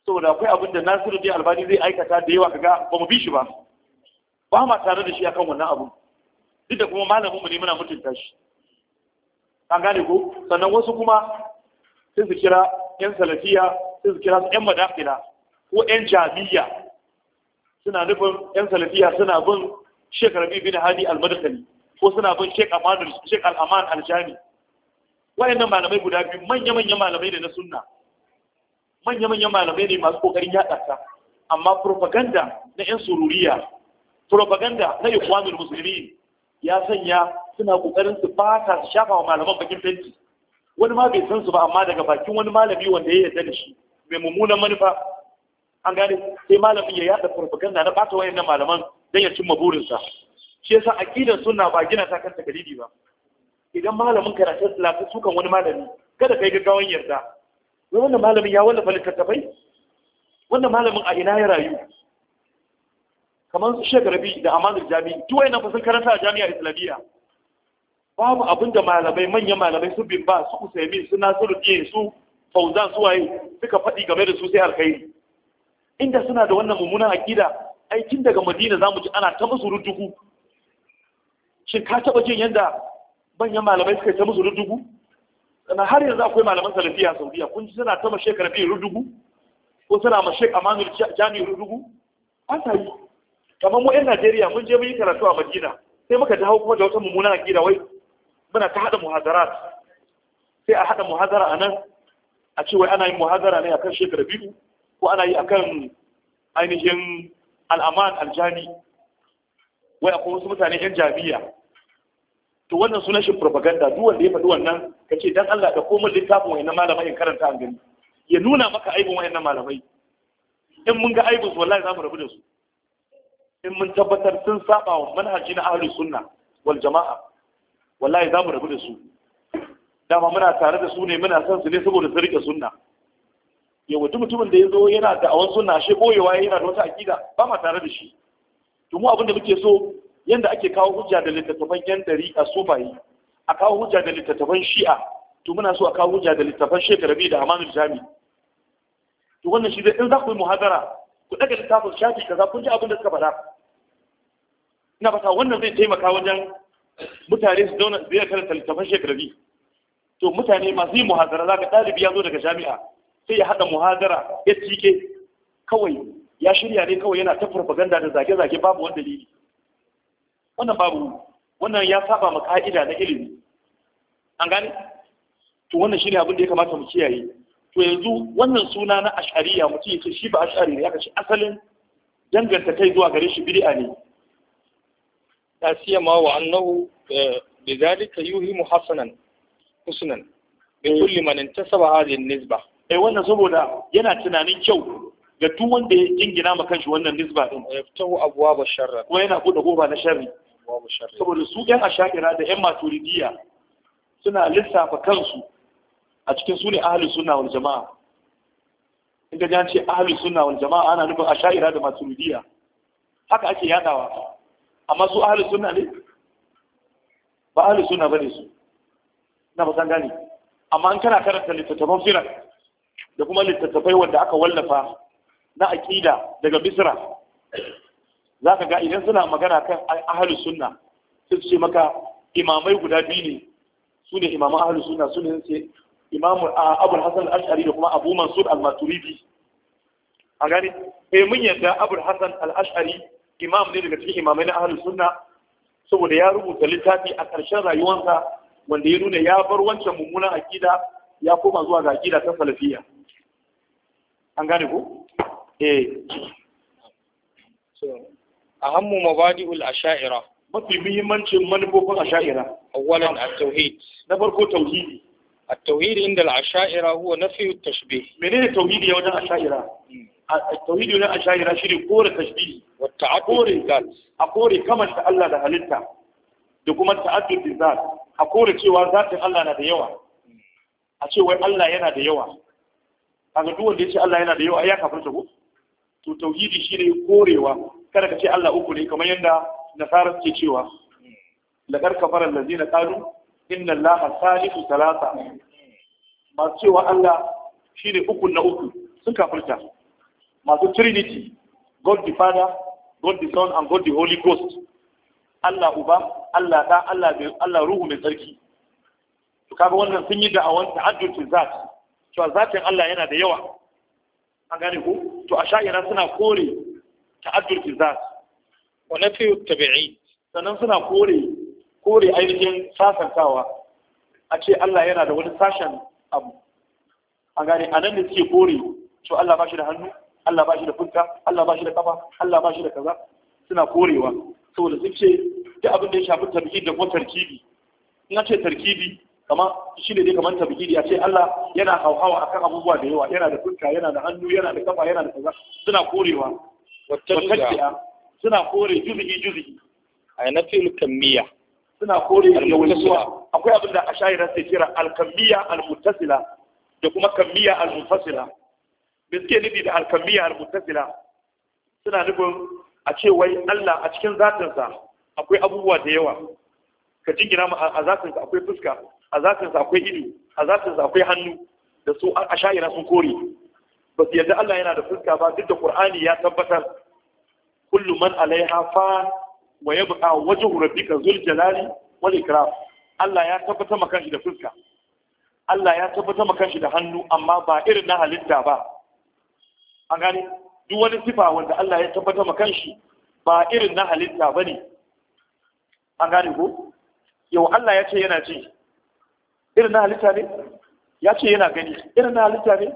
S1: saboda akwai abin da Nasiru dai albani zai aikata da yawa kaga ba mu bi shi ba ba ma tare da shi akan wannan abu duk da kuma malamin mu ne muna mutunta shi an gane ko sannan wasu kuma sai su kira yan salafiya sai su kira su yan madafila ko yan jami'a suna nufin yan salafiya suna bin Sheikh Rabi bin Hadi al-Madkhali ko suna bin shek Amanul Sheikh Al-Aman al-Jami wayannan malamai guda biyu manya-manyan malamai ne na sunna manya-manyan malamai ne masu kokarin yaɗa ta amma propaganda na yan sururiya propaganda na ikhwanul muslimin ya sanya suna kokarin su ba ta shafa wa malaman bakin fenti wani ma bai san su ba amma daga bakin wani malami wanda ya yarda da shi mai mummunan manufa an gane sai malamin ya yada propaganda na bata nan malaman dan ya cimma burinsa shi yasa aqidar sunna ba gina ta kan takalidi ba idan malamin karatun salafi su kan wani malami kada kai gaggawan yarda wai wannan malamin ya wallafa littattafai wannan malamin a ina ya rayu kamar su shekarabi da amanar jami'i duk nan fa sun karanta a jami'ar islamiyya babu abin da malamai manyan malamai su bin ba su usaimin su nasiru ɗin su fauzan su waye suka faɗi game da su sai alkhairi inda suna da wannan mummunan aƙida aikin daga madina za mu ji ana ta musu rudugu shin ka taɓa jin yadda manyan malamai suka yi ta musu rudugu sannan har yanzu akwai malaman salafiya saudiya kun ji suna ta ma shekara biyu ko suna ma shek amanul jami rudugu an ta yi kamar mu 'yan najeriya mun je mun yi karatu a madina sai muka dawo kuma da wata mummunan aƙida wai muna ta haɗa muhadarat sai a hada muhazara a nan a ce wai ana yin muhazara ne akan shekara biyu ko ana yi akan ainihin al'aman aljani wai akwai wasu mutane yan jami'a to wannan sunan shi propaganda duk wanda ya faɗi wannan ka ce dan Allah da komai littafin wayannan malamai in karanta an gani ya nuna maka aibin wayannan malamai in mun ga aibin su wallahi za mu rabu da su in mun tabbatar sun saba wa manhaji na ahlus sunna wal jama'a wallahi za mu rabu da su dama muna tare da su ne muna son su ne saboda su rike sunna Ya duk mutumin da ya zo yana da awon sunna shi boyewa yana da wata akida ba ma tare da shi to mu abin da muke so yanda ake kawo hujja da littattafan yan dari a sufayi a kawo hujja da littattafan shi'a to muna so a kawo hujja da littattafan shekarabi da Amanu jami to wannan shi zai in za ku yi muhadara ku daga littafin shafi kaza kun ji abin da suka faɗa ina fata wannan zai taimaka wajen mutane su zauna zai karanta shekaru shekarabi to mutane masu yi muhazara za ka ɗalibi ya zo daga jami'a sai ya haɗa muhazara ya cike kawai ya shirya ne kawai yana ta farfaganda da zage-zage babu wani dalili wannan babu wannan ya saba ma ka'ida na ilimi an gane to wannan shine abin da ya kamata mu kiyaye to yanzu wannan suna na ash'ariya mutum ya ce shi ba ash'ari ne ya kashe asalin danganta kai zuwa gare shi bid'a ne لا سيما وأنه بذلك يوهم حسنا حسنا لكل من انتسب هذه النسبة أي وانا سبودا ينا تنانين شو ga duk wanda ya jingina ma kanshi wannan nisba din ya kuma yana buɗe goba na sharri saboda su ƴan ashakira da ƴan maturidiya suna lissafa kansu a cikin su ne ahlus jama'a in ga ce ahlus sunna jama'a ana nufin ashakira da maturidiya haka ake yadawa amma su ahalus sunna ne ba ahalus sunna bane su na fasan gani amma an kana karanta littattafan firar da kuma littattafai wanda aka wallafa na aƙida daga bisra za ka ga idan suna magana kan ahalus sunna sai su ce maka imamai guda biyu ne su ne imaman ahalus sunna su ne ce imamu abul hasan al-ash'ari da kuma abu mansur al-maturidi a gani eh mun yadda abul hasan al-ash'ari imam ne daga cikin imamai na ahlus sunna saboda ya rubuta littafi a ƙarshen rayuwarsa wanda ya nuna ya bar wancan mummunan akida ya koma zuwa ga akida ta salafiya. an gane ku eh ahammu mabadi'ul asha'ira mafi muhimmancin manufofin asha'ira awwalan at-tauhid na farko tauhidi التوحيد عند العشائرة هو نفي التشبيه من التوحيد يا ولد العشائرة التوحيد يا العشائرة شيء كور التشبيه والتعقور بالذات أقول كما أنت الله ده هلتا دكما تعدد الذات أقول شيء وذات الله أنا ديوا أشي وين الله أنا ديوا kaga duk wanda yace Allah yana da yawa ya kafirta ko to tauhidi shine korewa kada ka ce Allah uku ne kamar yadda nasara suke cewa laqad kafara allazina qalu inna Allah salisu talata masu cewa Allah shi ne uku na uku sun kafirta masu trinity God the Father God the Son and God the Holy Ghost Allah uba Allah da Allah mai Allah ruhu mai tsarki to kaga wannan sun yi da'awan ta'addud zat cewa zatin Allah yana da yawa an gane ko to a sha'ira suna kore ta'addud zat wa nafi tabi'i sannan suna kore kore ainihin sasantawa a ce Allah yana da wani sashen abu a gane a nan da suke kore to Allah ba shi da hannu Allah ba shi da fuska Allah ba shi da kafa Allah ba shi da kaza suna korewa saboda su ce duk abin da ya shafi tarkibi da kuma tarkibi in ce tarkibi kama shi ne dai kamar tabhidi a ce Allah yana hauhawa akan abubuwa da yawa yana da fuska yana da hannu yana da kafa yana da kaza suna korewa wata suna kore juzu'i juzu'i a nafil kammiya suna kore yawanzuwa akwai abin da a ashayira sai kira alkambiya almutasila da kuma kambiya almutasila da suke nufi da alkambiya almutasila suna nufin a ce wai Allah a cikin zatinsa akwai abubuwa da yawa ka jingina mu a zatinsa akwai fuska a zatinsa akwai ido a zatinsa akwai hannu da su a ashayira sun kore ba su yadda Allah yana da fuska ba duk da Qur'ani ya tabbatar kullu man alaiha fa wa ya yabqa wajhu rabbika zul jalali wal ikram Allah ya tabbata maka shi da fuska Allah ya tabbata maka shi da hannu amma ba irin na halitta ba an gane duk wani sifa wanda Allah ya tabbata maka shi ba irin na halitta bane an gane ko yau Allah ya ce yana ji irin na halitta ne ya ce yana gani irin na halitta ne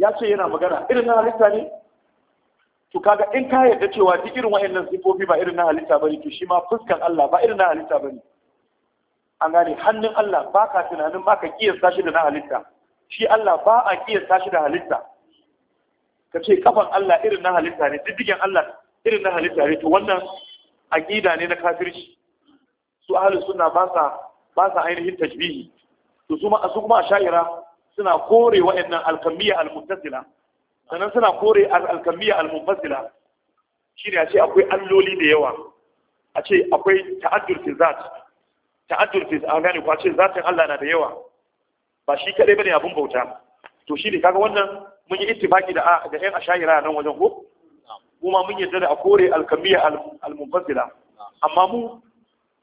S1: ya ce yana magana irin na halitta ne to kaga in ka yarda cewa duk irin wa'annan sifofi ba irin na halitta bane to shi ma fuskan Allah ba irin na halitta bane an gane hannun Allah ba ka tunanin ba ka kiyasta shi da na halitta shi Allah ba a kiyasta shi da halitta ka ce kafan Allah irin na halitta ne diddigen Allah irin na halitta ne to wannan aqida ne na kafirci su ahli sunna ba sa ba sa ainihin tajbihi to su ma su kuma ashaira suna kore wa'annan alkamiyya almuttasila sannan suna kore alkamiyya almunfasila shine a ce akwai alloli da yawa a ce akwai ta'addur fi zat ta'addur fi an gane ko a ce zatin Allah na da yawa ba shi kadai bane abun bauta to shine kaga wannan mun yi ittifaki da da ƴan ashaira nan wajen ko kuma mun yarda da a kore alkamiyya almunfasila amma mu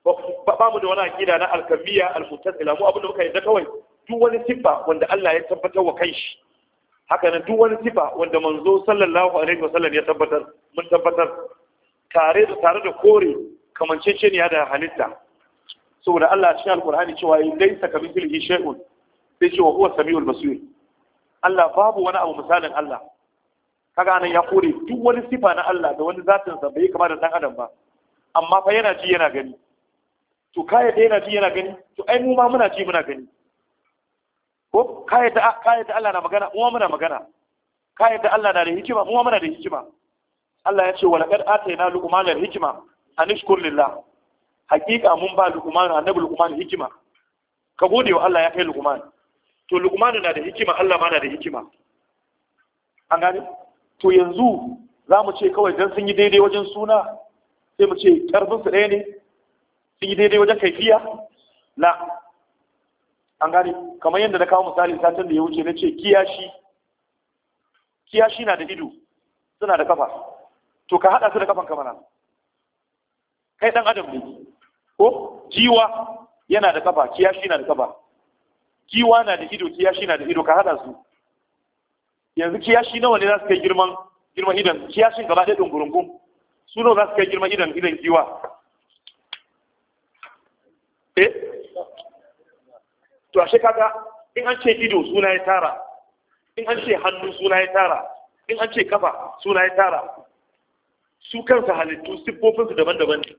S1: ba mu da wani akida na alkamiyya almuntasila mu abin da muka yarda kawai duk wani siffa wanda Allah ya tabbatar wa kanshi haka nan duk wani sifa wanda manzo sallallahu alaihi wasallam ya tabbatar mun tabbatar tare da tare da kore kamanceceniya da halitta saboda Allah cikin alqur'ani cewa laysa kamithlihi shay'un sai cewa huwa samiul basir Allah babu wani abu misalin Allah kaga nan ya kore duk wani sifa na Allah da wani zatin sa bai kama da dan adam ba amma fa yana ji yana gani to kai da yana ji yana gani to ai mu ma muna ji muna gani ko kayan da Allah na magana uwa muna magana kayan da Allah na da hikima uwa muna da hikima Allah ya ce wa laqad atayna luqmana al-hikma an ishkur lillah hakika mun ba luqman annabi luqman hikima ka gode wa Allah ya kai luqman to luqman na da hikima Allah ma na da hikima an gane to yanzu za mu ce kawai dan sun yi daidai wajen suna sai mu ce karfin su ɗaya ne sun yi daidai wajen kaifiya la an gane kamar yadda na kawo misali satin da ya wuce na ce kiyashi kiyashi na da ido suna da kafa to ka haɗa su da kafan kamana kai ɗan adam ne ko jiwa yana da kafa kiyashi na da kafa kiwa na da ido kiyashi na da ido ka haɗa su yanzu kiyashi nawa ne za su kai girman girman idan kiyashin gaba ɗaya gurungun su nawa za su kai girman idan idan kiwa eh to ashe kaga in an ce ido suna ya tara in an ce hannu suna ya tara in an ce kafa suna ya tara su kansa halittu siffofinsu daban-daban ne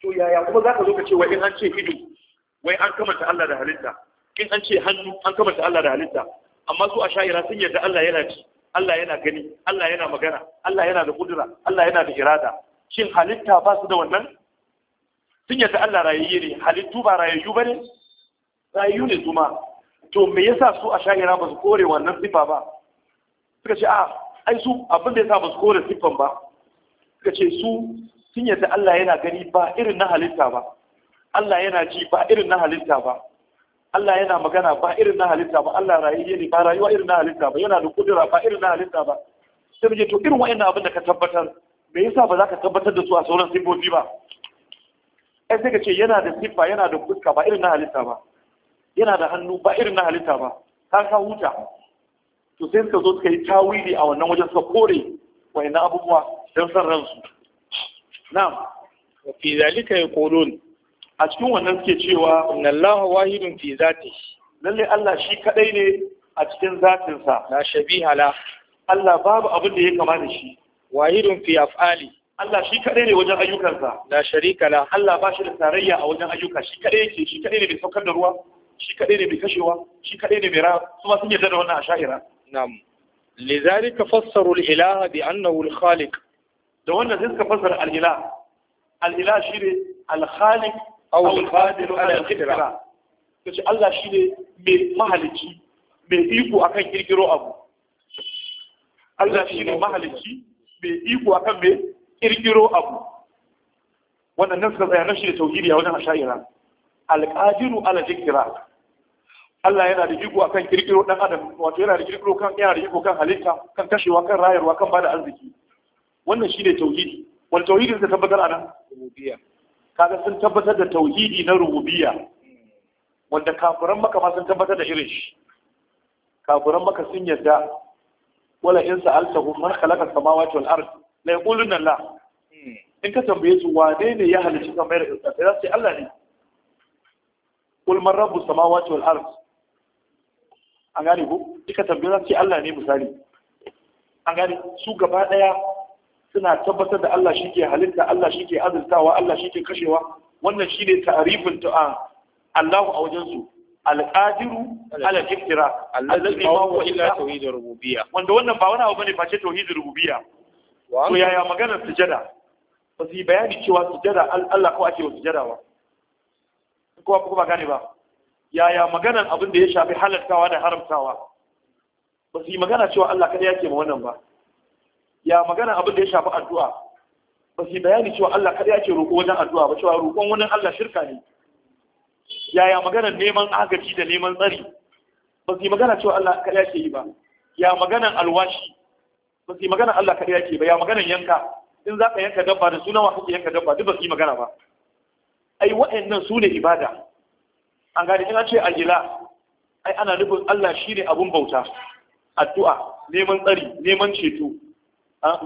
S1: to yaya kuma za ka zo ka ce wai in an ce ido wai an kamanta Allah da halitta in an ce hannu an kamanta Allah da halitta amma su a sha'ira sun yarda Allah yana ci Allah yana gani Allah yana magana Allah yana da kudura Allah yana da irada shin halitta ba su da wannan sun yarda Allah rayayye ne halittu ba rayayyu ba ne rayu ne zuma. to me yasa su a shayira ba su kore wannan sifa ba suka ce a ah, ai su abin da yasa ba su kore siffan ba suka ce su sun yadda Allah yana gani ba irin na halitta ba Allah yana ji ba irin na halitta ba Allah yana magana ba irin na halitta ba Allah rayuwa ne ba rayuwa irin na halitta ba yana da kudura ba irin na halitta ba sai mu je to irin wa'annan abin da ka tabbatar me yasa ba za ka tabbatar da su a sauran sifofi ba ai sai ka ce yana da siffa yana da fuska ba irin na halitta ba yana da hannu ba irin na halitta ba ka ka huta to sai suka zo suka yi tawili a wannan wajen suka kore na abubuwa don san ransu na'am wa fi zalika kolon. a cikin wannan suke cewa inna Allah wahidun fi zati lalle Allah shi kadai ne a cikin zatin sa la shabiha la Allah babu abin da ya kama da shi wahidun fi af'ali Allah shi kadai ne wajen ayyukansa la sharika la Allah ba shi da tarayya a wajen ayyuka shi kadai yake shi kadai ne bai saukar da ruwa shi kaɗai ne mai kashewa shi kaɗai ne mai ra su ma sun yarda da wannan ashahira. na'am lidhalika fassaru al-ilaha bi annahu al-khaliq da wannan sai suka fassara al-ilah al-ilah shine al-khaliq aw al-qadir ala al-qidra kace Allah shine mai mahalici mai iko akan kirkiro abu Allah shine mahalici mai iko akan mai kirkiro abu wannan nan suka tsaya nan shi da tauhidi a wajen ashahira. Alƙadiru ala jikira Allah yana da jiko kan kirkiro dan adam wato yana da kirkiro kan yana da jiko kan halitta kan kashewa kan rayarwa kan bada arziki wannan shine tauhidi wal tauhidi da tabbatar anan rububiyya kaga sun tabbatar da tauhidi na rububiyya wanda kafiran maka ma sun tabbatar da irin shi kafiran maka sun yadda wala in sa'altahum man khalaqa samawati wal ard la yaquluna la hmm. in ka tambaye su wane ne ya halicci kamar da sai Allah ne kul man rabbus samawati wal ard an gane ko duka tambayar ce Allah ne misali an gane su gaba daya suna tabbatar da Allah shi ke halitta Allah shi ke azurtawa Allah shi ke kashewa wannan shi ne ta'arifin ta'a Allahu a wajen su alqadiru ala iftira allazi ma huwa illa tauhidur rububiyya wanda wannan ba wani abu bane face tauhidur rububiyya to yaya maganar sujada ba su yi bayani cewa sujada Allah ko ake wa sujada ba Kowa kuma gane ba yaya magana abin da ya shafi halartawa da haramtawa ba su yi magana cewa Allah kada ke ma wannan ba ya magana abin da ya shafi addu'a ba su yi bayani cewa Allah kada ke roƙo wajen addu'a ba cewa roƙon wani Allah shirka ne yaya magana neman agaji da neman tsari ba su yi magana cewa Allah kada ke yi ba ya magana alwashi ba su yi magana Allah kada yake ba ya magana yanka in za ka yanka dabba da sunan wa kake yanka dabba duk ba su yi magana ba ai wa'annan su ne ibada an gane ina ce ajila ai ana nufin Allah shi ne abun bauta addu'a neman tsari neman ceto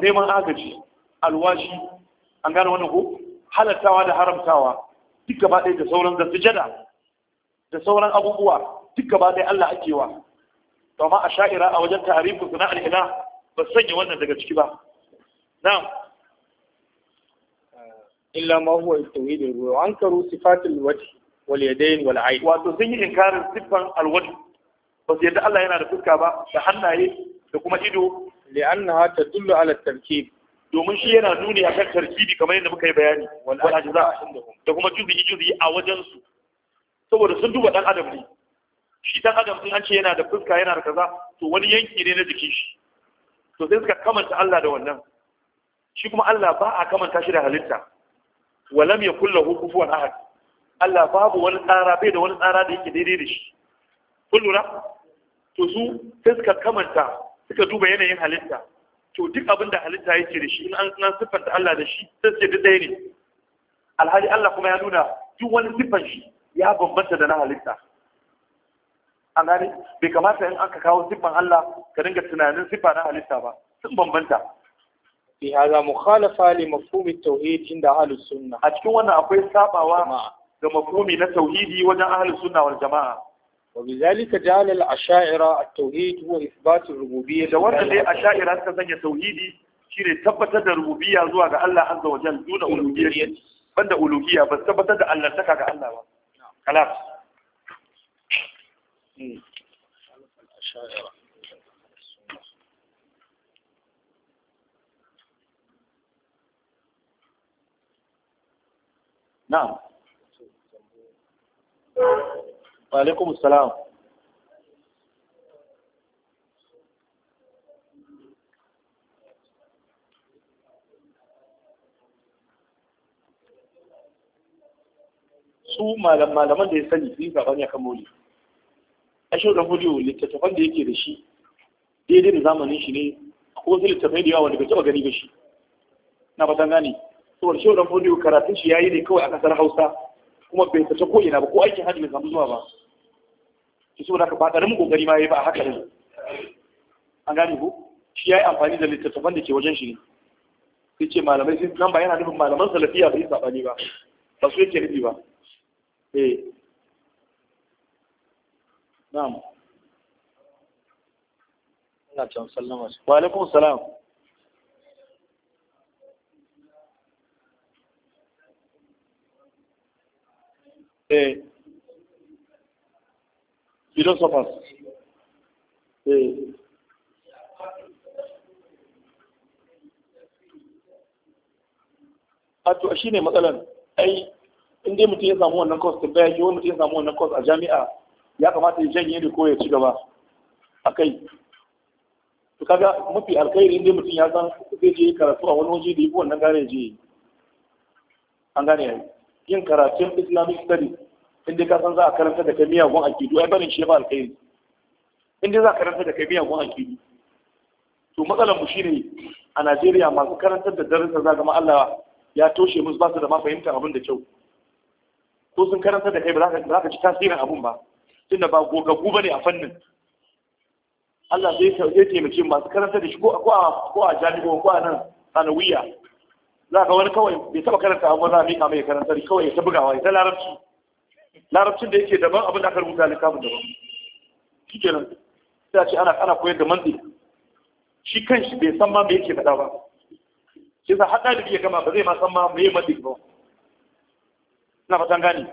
S1: neman agaji alwashi an gane wannan ko halattawa da haramtawa duk gaba ɗaya da sauran da sujada da sauran abubuwa duk gaba ɗaya Allah ake wa to amma a sha'ira a wajen tarihin suna al'ila ba sanya wannan daga ciki ba na'am illa ma huwa tawhid al-ruh wa ankaru sifat al-wajh wal yadayn wal ayn wato sun yi inkarin siffan al-wajh ba su yadda Allah yana da fuska ba da hannaye da kuma ido li'annaha tadullu ala tarkib domin shi yana nuni akan tarkibi kamar yadda muka yi bayani wal ajza da kuma juzu'i juzu'i a wajen su saboda sun duba dan adam ne shi dan adam in an ce yana da fuska yana da kaza to wani yanki ne na jikin shi to sai suka kamanta Allah da wannan shi kuma Allah ba a kamanta shi da halitta walam ya kulle hukufuwan ahad Allah babu wani tsara bai da wani tsara da yake daidai da shi kun lura to su kamanta suka duba yanayin halitta to duk abinda halitta yake da shi in an siffanta Allah da shi sai ce duk ɗaya ne alhali Allah kuma ya nuna duk wani siffan shi ya bambanta da na halitta an gane bai kamata in aka kawo siffan Allah ka dinga tunanin siffa na halitta ba sun bambanta fi haza mukhalafa li mafhum at-tauhid inda ahli sunna a cikin wannan akwai sabawa ga mafhumi na tauhidi wajen ahli sunna wal jama'a وبذلك at tauhid huwa ithbat ar الربوبية da wannan dai asha'ira suka sanya tauhidi shine tabbatar da rububiyya zuwa ga Allah azza wa jalla duna uluhiyya banda uluhiyya ba tabbatar da Allah saka ga Allah ba kalas hmm. na'am wa alaikum assalam su malaman da ya sani sun yi saɓani akan mauli ashe da fodiyo littattafan da yake da shi daidai da zamanin shi ne ko wasu littattafai da yawa wanda bai taɓa gani ba shi na fatan gane saboda shehu dan fodiyo karatun shi yayi ne kawai a kasar hausa kuma bai fita ko ina ba ko aikin hajji mai samu zuwa ba shi saboda ka fadar mu kokari ma yayi ba a haka ne an gane ku shi yayi amfani da littattafan da ke wajen shi ne sai ce malamai sai nan ba yana nufin malaman salafiya bai sabani ba ba su yake nufi ba eh na'am ina can sallama wa alaikum salam eh philosophers eh. a to shi ne matsalar ai in dai mutum ya samu wannan kwas ta baya ki wani mutum ya samu wannan kwas a jami'a ya kamata ya janye ne ko ya ci gaba a kai to kaga mafi alkhairi in dai mutum ya san zai je karatu a wani waje da yi wannan gane je an gane ya yi. yin karatun islamic studies inda ka san za a karanta da kai miyagun akidu ai barin shi ba alkhairi inda za a karanta da kai miyagun akidu to matsalar mu shine a Najeriya masu karantar da darussa za ga Allah ya toshe musu ba su da ma fahimtar abin da kyau ko sun karanta da kai ba za ka ci tasirin abin ba tunda ba gogaggu ba ne a fannin Allah zai taimake masu karanta da shi ko a jami'o ko a nan sanawiya za ka wani kawai bai taba karanta abu za a mika mai karanta kawai ya ta bugawa ya ta larabci larabcin da yake daban abin da aka rubuta littafin daban shi kenan sai a ce ana ana koyar da mandi. shi kan shi bai san ma me yake faɗa ba shi sa haɗa da biya gama ba zai ma san ma me mandi ba ina fatan gane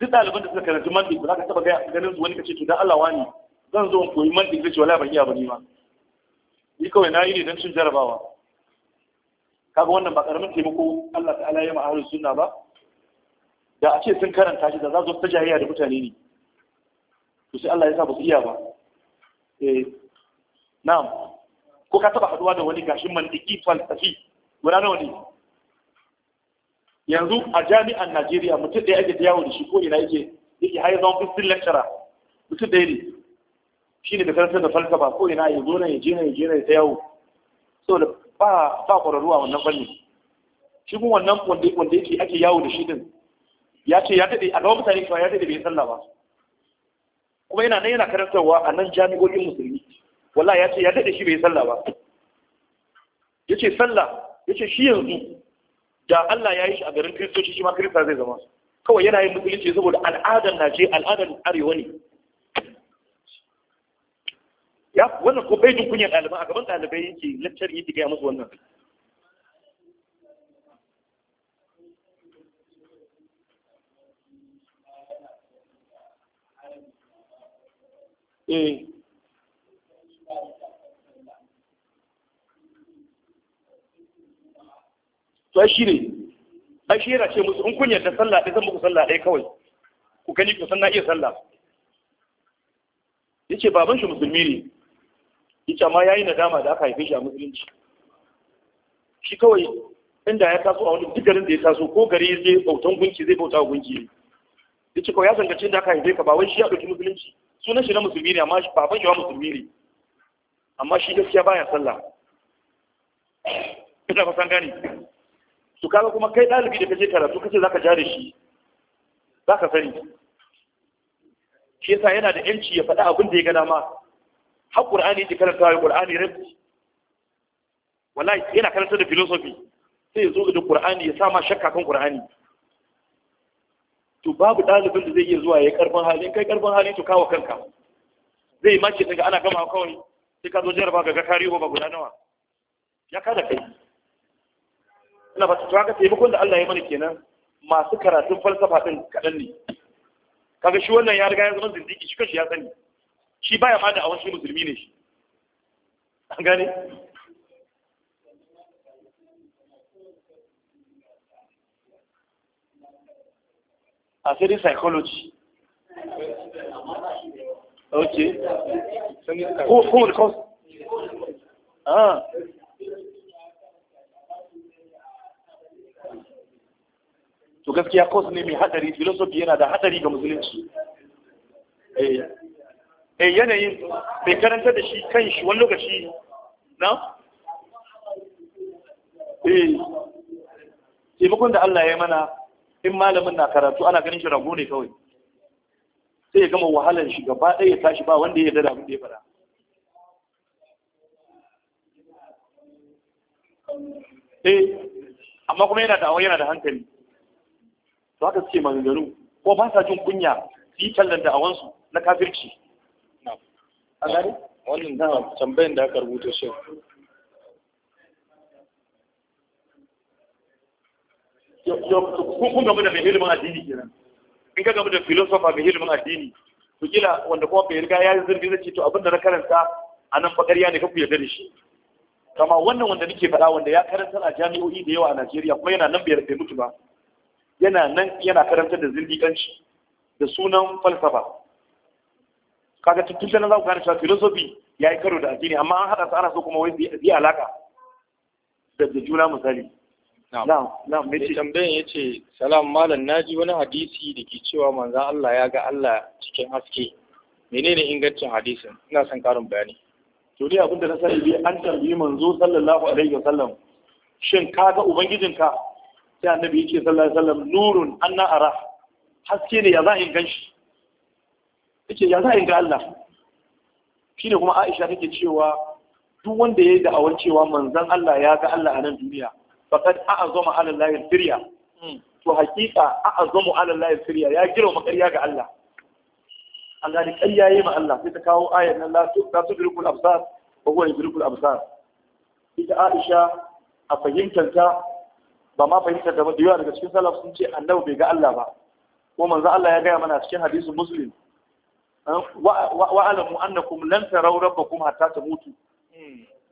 S1: duk ɗaliban da suka karanci mandi ba za ka taba ganin su wani ka ce to dan Allah wani zan zo in koyi mandi zai ce wala ban iya ba ni ma ni kawai na yi ne don cin jarabawa kaga wannan ba karamin taimako Allah ta'ala ya ma'aharin sunna ba da a ce sun karanta shi da za su ta jayayya da mutane ne to sai Allah ya sa ba su iya ba eh na'am ko ka taba haduwa da wani gashin mantiki falsafi guda nawa ne yanzu a jami'an Najeriya mutum da yake yawo da shi ko ina yake yake haye zama fistin lecturer mutum da ne shi ne da karantar da falsafa ko ina ya zo nan ya je nan ya je nan ya ta yawo saboda ba ba wannan fanni shi kuma wannan wanda wanda yake ake yawo da shi din ya ce ya dade a gaban mutane cewa ya dade bai sallah ba kuma yana nan yana karantarwa a nan jami'o'in musulmi wallahi ya ce ya dade shi bai sallah ba yace sallah yace shi yanzu da Allah ya yi shi a garin Kiristoci shi ma Kirista zai zama kawai yana yin musulunci saboda al'adar ce al'adar Arewa ne ya wannan ko bai jin kunyan ɗaliban a gaban ɗalibai yake lakcar yake gaya musu wannan eh to shi ne a shi yana ce musu in kun yarda sallah ɗaya zan muku sallah ɗaya kawai ku gani ku san na iya sallah yace baban shi musulmi ne yace amma yayi nadama da aka haife shi a musulunci shi kawai inda ya taso a wani duk da ya taso ko gari zai bautan gunki zai bauta gunki ne ce kawai ya zangace da aka haife ka ba wai shi ya ɗauki musulunci sunan shi na musulmi ne amma baban shi wa musulmi ne amma shi gaskiya baya sallah ina san gani su kaga kuma kai ɗalibi da kaje karatu kace zaka ja da shi zaka sani shi yasa yana da yanci ya faɗa abin da ya ga dama har ƙur'ani yake karanta ya qur'ani rabbi wallahi yana karanta da philosophy sai ya zo da ƙur'ani ya sama shakka kan ƙur'ani. to babu ɗalibin da zai iya zuwa ya karfin hali kai karfin hali to kawo kanka zai mace daga ana gama kawai sai ka zo jarraba ga kariyo ba guda nawa ya kada kai ina ba ta haka taimakon da Allah ya mana kenan masu karatun falsafa din kaɗan ne kaga shi wannan ya riga ya zama zindiki shi kashi ya sani shi baya ma da awon shi musulmi ne shi an gane a sai dai psychology ok kuma da ah to gaskiya kos ne mai hadari filosofi yana da hadari ga musulunci eh E yanayin bai karanta da shi kan shi wani lokaci na? eh taimakon da Allah ya mana in malamin na karatu ana ganin shi rago ne kawai sai ya gama wahalar shi gaba ɗaya ya tashi ba wanda ya dada abin da ya fara eh amma kuma yana da awon yana da hankali to haka suke maganganu ko ba sa jin kunya su yi tallan da awansu na kafirci a gari da tambayin da aka rubuta shi kun gaba da mai ilimin addini kenan in ka gaba da filosofa mai ilimin addini to kila wanda kuma bai riga ya yi zirgi zai ce to abin da na karanta a nan bakariya ne kaku yarda da shi kama wannan wanda nake faɗa wanda ya karanta a jami'o'i da yawa a Najeriya kuma yana nan bai mutu ba yana nan yana karantar da zirgikanci da sunan falsafa kaga tuttun nan za ku gane cewa philosophy ya yi karo da addini amma an haɗa su ana so kuma wai zai yi alaƙa da juna misali Na'am, mai tambayan ya ce, Salam Malam, na ji wani hadisi da ke cewa manzan Allah ya ga Allah cikin haske. Menene ingancin hadisin? Ina son karin bayani. To dai abinda na sani dai an tambayi manzo sallallahu alaihi wasallam. Shin ka ga ubangijinka? Sai annabi yake sallallahu alaihi wasallam nurun anna ara. Haske ne ya za a gan shi. yace ya za ga Allah shine kuma Aisha take cewa duk wanda ya yi da'awar cewa manzan Allah ya ga Allah a nan duniya faqad a'azama ala Allah firya hmm. to hakika a'azamu ala Allah firya ya girma makariya ga Allah an gani ƙarya yi ma Allah sai ta kawo ayar nan la tu ta tudrikul absar wa huwa yudrikul absar ita Aisha a fahimtar ta ba ma fahimtar da ba da yawa daga cikin salaf sun ce annabi bai ga Allah ba ko manzo Allah ya gaya mana cikin hadisin muslim wa'alamu annakum lan tarau rabbakum hatta mutu.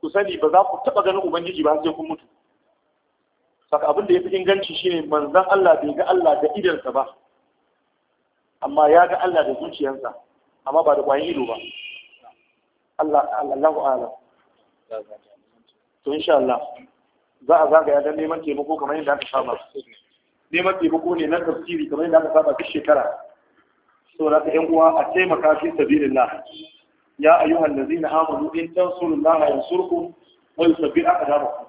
S1: ku sani ba za ku taba ganin ubangiji ba sai kun mutu saka abin da ya fi inganci shine manzan Allah bai ga Allah da idonsa ba amma ya ga Allah da zuciyarsa amma ba da kwayan ido ba Allah Allahu a'lam to insha Allah za a zagaya don neman taimako kamar yadda aka saba neman taimako ne na tafsiri kamar yadda aka saba duk shekara saboda ka yan uwa a taimaka fi sabilillah ya ayyuhal ladzina amanu in tansurullaha yansurkum wa aka aqdamakum